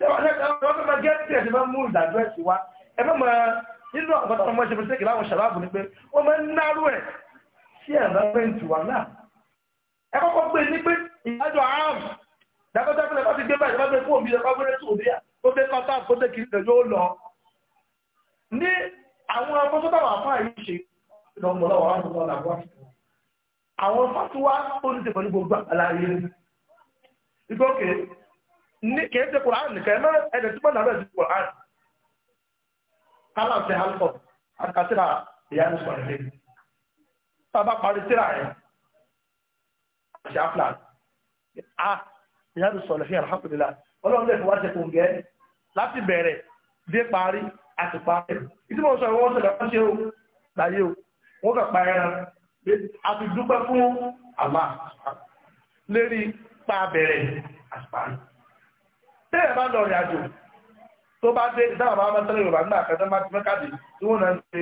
ẹ wọ́n fẹ́ máa nínú ọ̀pọ̀ tó mọ́ ṣe fi ṣéèkì láwọn ṣàlábù ni pé wọ́n máa ń náró ẹ̀ sí ẹ̀rọ̀mẹ́ntì wà náà ẹ kọ́kọ́ gbé ní pé ìdájọ́ ààrùn dákọ́jọ́ pé lẹ́kọ́ ti gbé báyìí lọ́gbẹ́ fún òbí lẹ́kọ́ gbé tó bí ó gbé kọ́tà tó dé kiri tẹ̀ yóò lọ. ní àwọn ọmọ tó táwọn afá yìí ṣe àwọn fatuwa ó ní tẹ̀kọ́ ní gbogbo àlàyé ìgbókè ní kèé kùrán nìkan ẹ̀ kálá ṣe hálùkọ̀ àkàtìrà ìyáni sọ̀rọ̀ lé bàbá parí tíra ẹ̀ ṣe àpìlà a ìyáni sọ̀rọ̀ fi hàn hàpìlà ọlọ́run lè fi wá ṣe kò ń gẹ́ láti bẹ̀rẹ̀ dé parí àti parí ìdí mọ̀ sọ̀rọ̀ wọ́n sọ̀rọ̀ wọ́n ṣe o láyé o wọ́n kà pa ẹran a ti dúpẹ́ fún àmà lérí pa bẹ̀rẹ̀ àti parí. tẹ́lẹ̀ bá lọ rìn àjò tó bá dé dáhùn àwọn amẹ́tẹ́lẹ̀ yorùbá nígbà kẹta máa ti fẹ́ káàdì tí wọ́n náà ń ṣe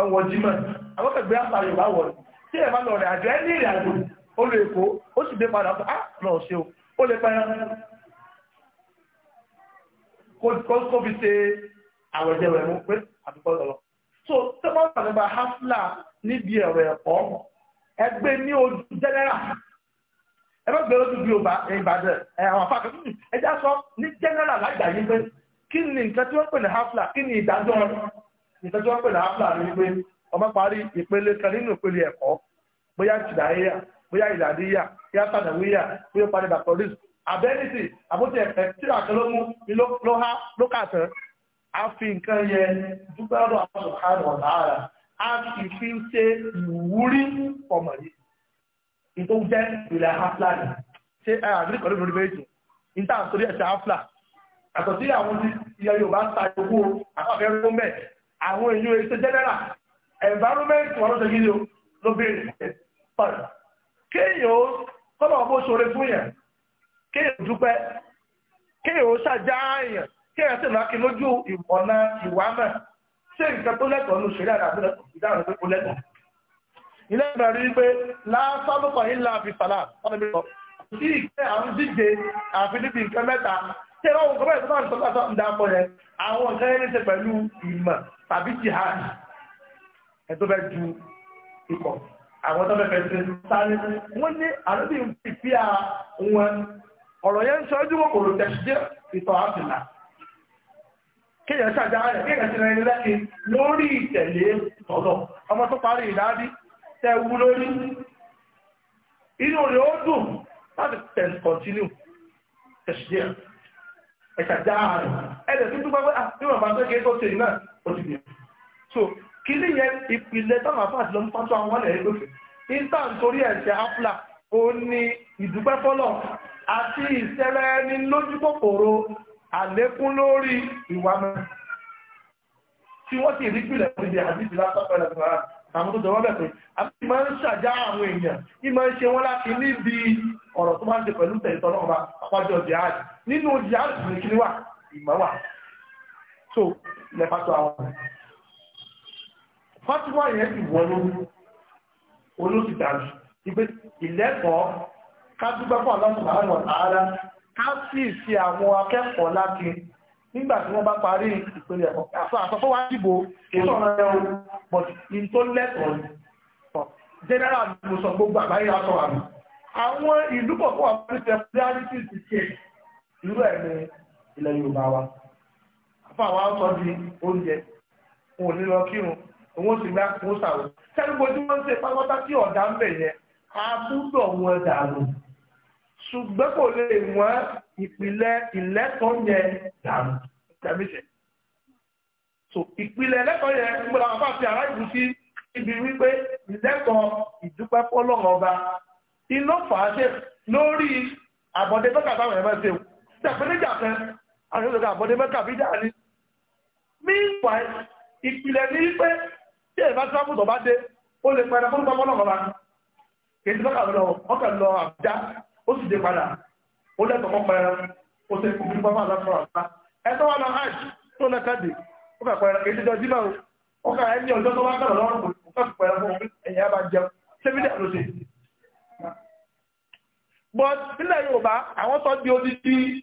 ẹwọ jímọ̀ àwọn kẹgbẹ́ àpá yorùbá wọ̀ tí ẹ̀ bá lọ rẹ̀ àjọ ẹ̀ ní ìrìn àjò ó lè kó ó sì dé padà ó ah lọ ṣe o ó lè pẹ́yà kó fi ṣe àwẹ̀jẹ̀ rẹ̀ mú pé àdúgbò lọ. so tó bá wà nípa hafla níbi ẹ̀rọ ẹ̀kọ́ ẹgbẹ́ ní ojú jẹ́nẹ́rà ẹ bá gbé lójú bí Ìbàdàn àwọn afáàkẹ́ ẹ já sọ ní jẹ́nẹ́rà lágbàáyé pé kí ni nǹkan tí wọ́n pè ní hafla kí ni ìdájọ́ nǹkan tí wọ́n pè ní hafla ni wípé ọmọ parí ìpele kan nínú ìpele ẹ̀kọ́ bóyá ìdàyà bóyá ìlàdíyà bóyá tàdàwíyà bóyá parí bàtọ́rìs àbẹ́nìtì àbótí ẹ̀fẹ́ tí àkẹ́ ló mú ló há ló kàtẹ́ a fi nǹkan yẹ dúpẹ́ ọ̀dọ̀ àwọn ọ̀hánà ọ̀nà ara a sì fi ń ṣe ìwúrí ọmọ yìí ìtòjẹ́ ìlẹ̀ hafla ni ṣé àgbẹ̀kọ̀ lórí méjì níta àtọ̀ sí àwọn ilẹ̀ Yorùbá ń ta ìyókù àpapẹ̀ ẹ̀rọ mẹ́ àwọn èèyàn èso general environment wọn ló ṣe gidi o ló béèrè pàdé kéèyàn ó kọ́nà ọmọ ṣòro fún yẹn kéèyàn dúpẹ́ kéèyàn ó ṣàjá èèyàn kéèyàn sì máa kí lójú ìmọ̀nà ìwà mẹ́ ṣé nǹkan tó lẹ́tọ̀ọ́ ló ṣe dáadáa bílẹ̀ ìdáhùn pé kò lẹ́tọ̀ọ́ ilé ìgbà rí pé lásánùkọ̀ ìlà àfìsàlà ọ̀nà mi lọ sí ìgbẹ́ àwọn díje àfi níbi nǹkan mẹ́ta tẹ́rọ ohun kọ́bẹ̀ ìsọ́nà ìsọ́nà ìdápọ̀ yẹn àwọn nǹkan yẹn ní ṣe pẹ̀lú ìmọ̀ tàbí jihad ẹ̀ tó fẹ́ ju ikọ̀ àwọn tó fẹ́ fẹ́ ṣe sáré wọ́n ní àdúgbò ìfi à wọn ọ̀rọ̀ yẹn ń ṣojú kòkòrò tẹ̀síjẹ́ ìtọ̀ àfìlà kéèyàn ṣàjà rẹ̀ kéèyàn ti rẹ̀ lẹ́kì lórí ìtẹ̀lé tọ̀dọ̀ ọmọ tó parí ìdádí tẹ̀wú ẹ̀ṣà já àrùn ẹ̀dẹ̀ tó dúpẹ́ pé níwọ̀n bá tó kéé tó ṣe náà ó ti bìí so kí ní yẹn ìpìlẹ̀ táwọn àfáà ti lọ ń pátó àwọn wọlé ẹgbẹ́fẹ́ níta nítorí ẹ̀ṣẹ̀ afla ó ní ìdúpẹ́ fọ́lọ̀ àti ìṣẹ̀rẹ̀ ẹni lójú kòkòrò àlékún lórí ìwà mẹ́rin tí wọ́n sì rí pìlẹ̀ fún ibi àdìsí lásán àwọn tó jọwọ́ bẹ̀ pé àti máa ń ṣàjá àwọn èèyàn ní máa ń ṣe wọ́n láti níbi ọ̀rọ̀ tó máa ń ṣe pẹ̀lú tẹ̀sán náà bá apájọ jihad nínú ìyá àtúnṣe kí ni wà ìmọ̀ wà so lẹ́fà tó àwọn ọ̀rẹ́ fatiwa yẹn ti wọ lórí olóòtú dájú ìgbé ìlẹ́kọ̀ọ́ ká dúpẹ́ fún aláṣà àwọn ọ̀tàrà ká sì ṣe àwọn akẹ́kọ̀ọ́ láti nígbà tí wọ́n bá parí ìpele ẹ̀kọ́ àsọfọ́ wa dìbò èso ọ̀rọ̀ ẹ̀ o but in tó lẹ́tọ̀ọ́ ni general mo sọ gbogbo àgbáyé aṣọ àmì àwọn ìlú kọ̀ọ̀kan wà fún irú ẹ̀ ní ilẹ̀ yorùbá wa àfa àwọn aṣọ di oúnjẹ wọn ò ní lọ kírun òun sì gbá òun sàrò sẹ́ni tí wọ́n ń ṣe pátápátá tí ọ̀dà ń bẹ̀ yẹn a wọn dànù ṣùgbọ́n kò lè wọ́n ìpìlẹ̀ ìlẹ́tọ̀ọ́ yẹn dànù ìtẹ̀míṣẹ̀ so ìpìlẹ̀ lẹ́tọ̀ọ́ yẹn ń gbọ́dọ̀ àwọn fáfi ará ìlú ibi wípé ìlẹ́tọ̀ọ́ ìdúpẹ́ fọlọ́run ọba iná fàáṣẹ lórí àbọ̀dé bẹ́ẹ̀ kàtàwọn ẹ̀ máa ṣe wò tẹ̀pẹ́lẹ́jà kan àwọn ìṣòro àbọ̀dé mẹ́ta bí dáa ni míwà ìpìlẹ̀ ní pé tí èèyàn tíráfù tó bá dé ó lè pẹ̀lẹ́ fún tọ́mọ́ náà kọ́ba kì í ti lọ́kà lọ ọkà lọ àbújá ó sì dé padà ó lẹ́tọ̀ mọ́ pẹ̀lẹ́ ó sì kú fún pàmò àlọ́ ẹ̀tọ́ wa lọ hajj tó lẹ́ka dé ó kà pẹ̀lẹ́ ẹni ọjọ́ tó wá kọ̀ lọ́rùn kò kà pẹ̀lẹ́ fún ẹ̀yà bá jẹun ṣé bí dẹ́ but nílẹ̀ Yorùbá àwọn tó di odidi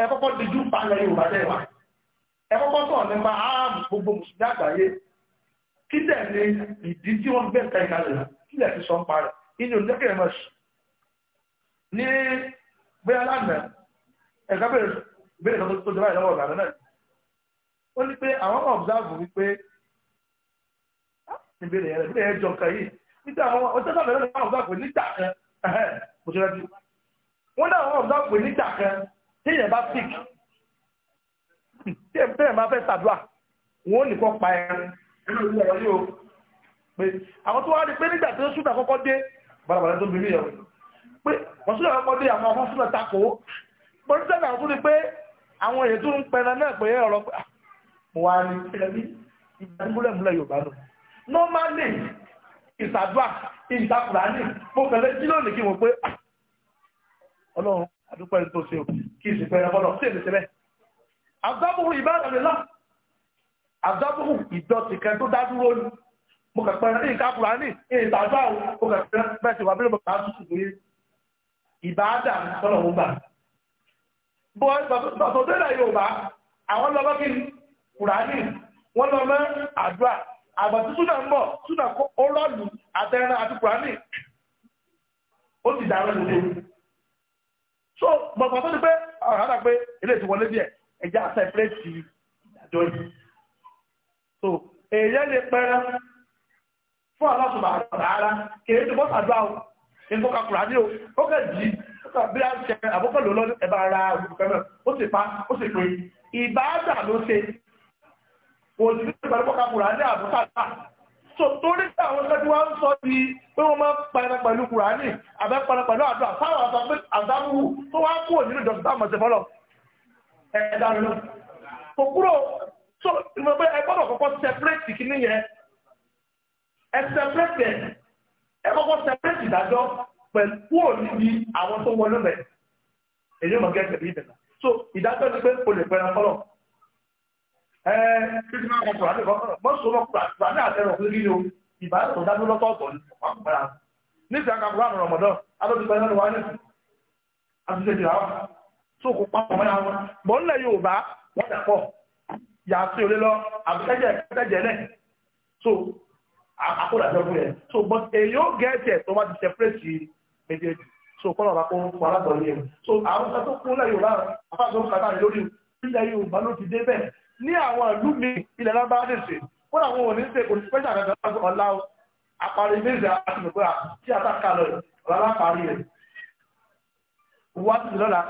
ẹ kọ́kọ́ dijú palẹ̀ yorùbá tẹ́ wà ẹ kọ́kọ́ sọ̀rọ̀ nípa áàmù gbogbo mùsùlùmí àgbáyé kí dẹ̀ ni ìdí tí wọ́n gbé nǹkan ìkàlẹ̀ kí lẹ̀ fi sọ ń parẹ̀ inú oníkẹ́ ẹ̀ mọ̀ṣù ní bóyá lánàá ẹ̀ka bẹ̀rẹ̀ kan tó jọba ìlọ́wọ́ ọ̀gá náà ó ní pé àwọn ọmọ ọ̀bùsáàbù wípé ah, ìbéèrè yẹn ìbéèrè yẹn jọ nǹkan yìí nígbà àwọn ọ̀sẹ̀ sábẹ̀ lọ́dọ̀ àwọn ọ̀bùsáàbù nígbà kan ẹ̀hẹ́ kò ṣe rẹ́ bí àwọn ọ̀bùsáàbù nígbà kan téèyàn bá sick téèyàn bá fẹ́ ṣàdúrà wọn ò pa ẹran nínú ìlú ẹ̀rọ yìí pé àwọn tó wá rí pé nígbà tó ṣúgà kọ́kọ́ dé balabala tó bí mi yẹ pé wọ́n ṣúgà kọ́kọ́ dé àwọn ọkọ̀ ṣúgà takò pọ̀lú sẹ́nà àwọn tó ní pé àwọn èyí tó ń pẹran náà pé ọ̀rọ̀ pé ah, mo wá ní ẹbí ìgbàdúgbòlẹ̀múlẹ̀ Yorùbá nù normally ìsàdúà ìsàkùrà ní mo kẹ̀lé kí lónìí kí wọ́n pé ah, Ọlọ́run àdúpẹ́ tó ṣe òkú kí ìsìnkú mo kà pẹ́ran ní ìkápùrà ní ìtàjọ́ àwọn mo kà wà bí mo kà á tútù lóye ìbáàdà sọ́nà òun gbà bọ́ ìgbàsọ̀dẹ́lẹ̀ Yorùbá àwọn lọ́lọ́ kí Kùránì wọ́n lọ mọ́ àdúrà so bọ̀gbọ̀n tó àwọn ará pé ilé ti wọlé díẹ̀ ẹja sẹpẹrẹtì ìdájọ́ yìí so èyẹ lè pẹrẹ fún aláṣọba àrà kìí ti bọ́sà dùn àwọn nǹkan kakura ní o ó kẹ́ jì í ó kà bí a ṣe àbúkọ́ lò lọ́dún ẹ̀bà ara olùkọ́ náà ó sì pa ó sì pé ìbáàdà ló ṣe kò sí ìgbàlùkọ́ kakura ní àbúkọ́ náà so torí pé àwọn tó wá ń sọ di pé wọ́n máa ń para pẹ̀lú kùránì àbẹ́ para pẹ̀lú àdúrà sáwọn àdáwù tó wá kúrò nínú ìjọsìn táwọn ọ̀sẹ̀ fọ́lọ̀ so ìmọ̀ pé ẹ gbọ́dọ̀ kọ́kọ́ separate kìíní yẹn separate ẹ kọ́kọ́ separate ìdájọ́ pẹ̀lú kúrò níbi àwọn tó wọlé mẹ́ èyí ò mọ̀ gẹ́gẹ́ bí ìbẹ̀rẹ̀ so ìdájọ́ ni pé olè yàtí olè lọ àbúkẹ́jẹ̀ ẹ̀kẹ́jẹ̀ lẹ̀ so àkódàjọ́ fún ẹ̀ so but èyí ó gẹ́ẹ̀tẹ̀ tó bá ti separate méjèèjì so kọ́nà bá kún fún alágbọ̀n yẹn so àwọn ọ̀sán tó kún lẹ́yìn òbá àfáàsọ́ kàtà lórí ilẹ̀ Yorùbá ló ti dé bẹ́ẹ̀ ní àwọn ìlú mi ilẹ̀ lábá nìṣe fún àwọn òní ṣe kò sí pẹ́ṣà kankan láti ọ̀la àparí méjì àti mọ̀gbọ́ra tí a tàkà lọ ọ̀la láparí rẹ̀ wá sí lọ́la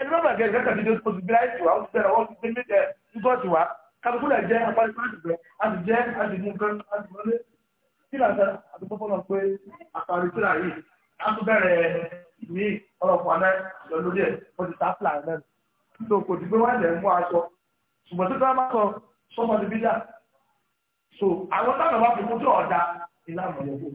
ẹni bá bàgẹ́ ìgbẹ́kẹ̀ tí ó ti bíra ìtìwá ó ti bẹ̀rẹ̀ wọ́n ti gbé méjì ìgbọ́ ti wá kálukú lẹ̀ jẹ́ apárí pàṣẹ bẹ̀ a ti jẹ́ a ti mú nǹkan a ti wọlé kí làtà àti pọ́pọ́ náà pé àparí síra yìí a tún bẹ̀rẹ̀ ìmí ọ̀rọ̀ fún aná ìjọ lórí ẹ̀ wọ́n ti tá fúlà náà so kò ti gbé wá ṣùgbọ́n tí káwọn bá sọ sọmọ so àwọn táwọn bá fi mú tí ọ̀dà fún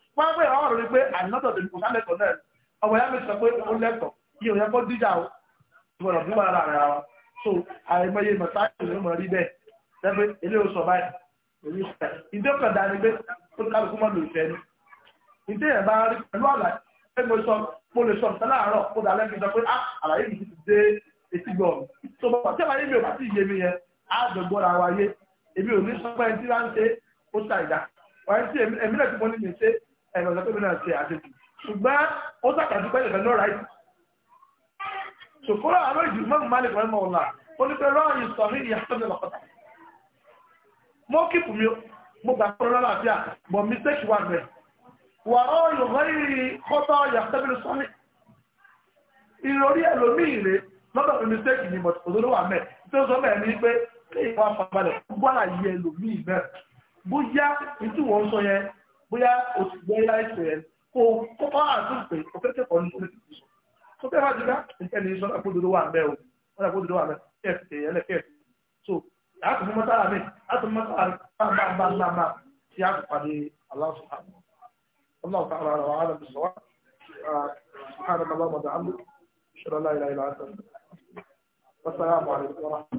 wọ́n pè wọ́n rò pé ànátọ̀ tó kò sálẹ̀tọ̀ náà ọmọ ìyá mi sọ pé ó lẹ́tọ̀ kí òun yẹ kó díjà o ìwọ̀n ọ̀dún wà lára wa so àìmọye mọ̀sáàkì ló mọ̀ rí bẹ́ẹ̀ lẹ́gbẹ́ ilé oṣù ọ̀bá yìí ìdí kan dání pé ó kálukú mọ́ lò ìfẹ́ ni ìdí yẹn bá rí pẹ̀lú àlà pé mo sọ mo lè sọ nǹkan láàárọ̀ kó dà lẹ́gbẹ̀ẹ́ sọ pé á ah, àlàyé mi ti dé etí gbọ̀ so bọ̀ tí àlàyé mi ò bá sì yé mi yẹn á dọ̀gbọ́ ra wa yé èmi ò ní sọ pé ẹni tí wọ́n ń ṣe ó ṣàìdá wọ́n ti èmi náà ti mọ́ ní mi ṣe ẹ̀nà ọ̀sẹ̀ pẹ̀lú náà ṣe àṣejù ṣùgbọ́n ó sàkàtú pẹ̀lú ìfẹ́ náà ráìtì ṣòkòrò àwọn ìjù mọ́mù má lè fẹ́ mọ́ ọ̀la ó ní pé rọ́ọ̀yì sọ̀rí ìyàtọ̀ mi lọ́kọ̀tà mo kíkù mi mo gbà pé lọ́la àbíà bọ̀ mistake wà bẹ̀ wà rọ́ọ̀yì rọ́ọ̀yì kọ́tọ̀ ìyàtọ̀ mi sọ́rí ìròrí ẹlòmíì rè lọ́dọ̀ mi mistake ni bọ̀t òdodo wà mẹ́ tí ó sọ mẹ́ẹ̀ ní pé kí ìwà fàbalẹ̀ gbọ́dọ̀ yẹ ẹlòmíì mẹ́ bóyá ìtúwọ̀n sọ yẹn bóyá oṣù gbọ́n láìpẹ́ ẹ̀ kó kópa àdúrà pé o fẹ́ kẹ́kọ̀ọ́ ní orí ti sọ. tó bẹ́ẹ̀ bá ti dá nǹkan ní sọ́nà àpòdodo wà mẹ́ o wọ́n àpòdodo wà mẹ́ kẹ́ẹ̀fì ẹlẹ́kẹ́ẹ̀fì so àtúntò mọ́tàlá mi àtúntò mọ́tàlá bá bá bá bá tí a kò pàdé aláṣọ àná. الله تعالى وعلى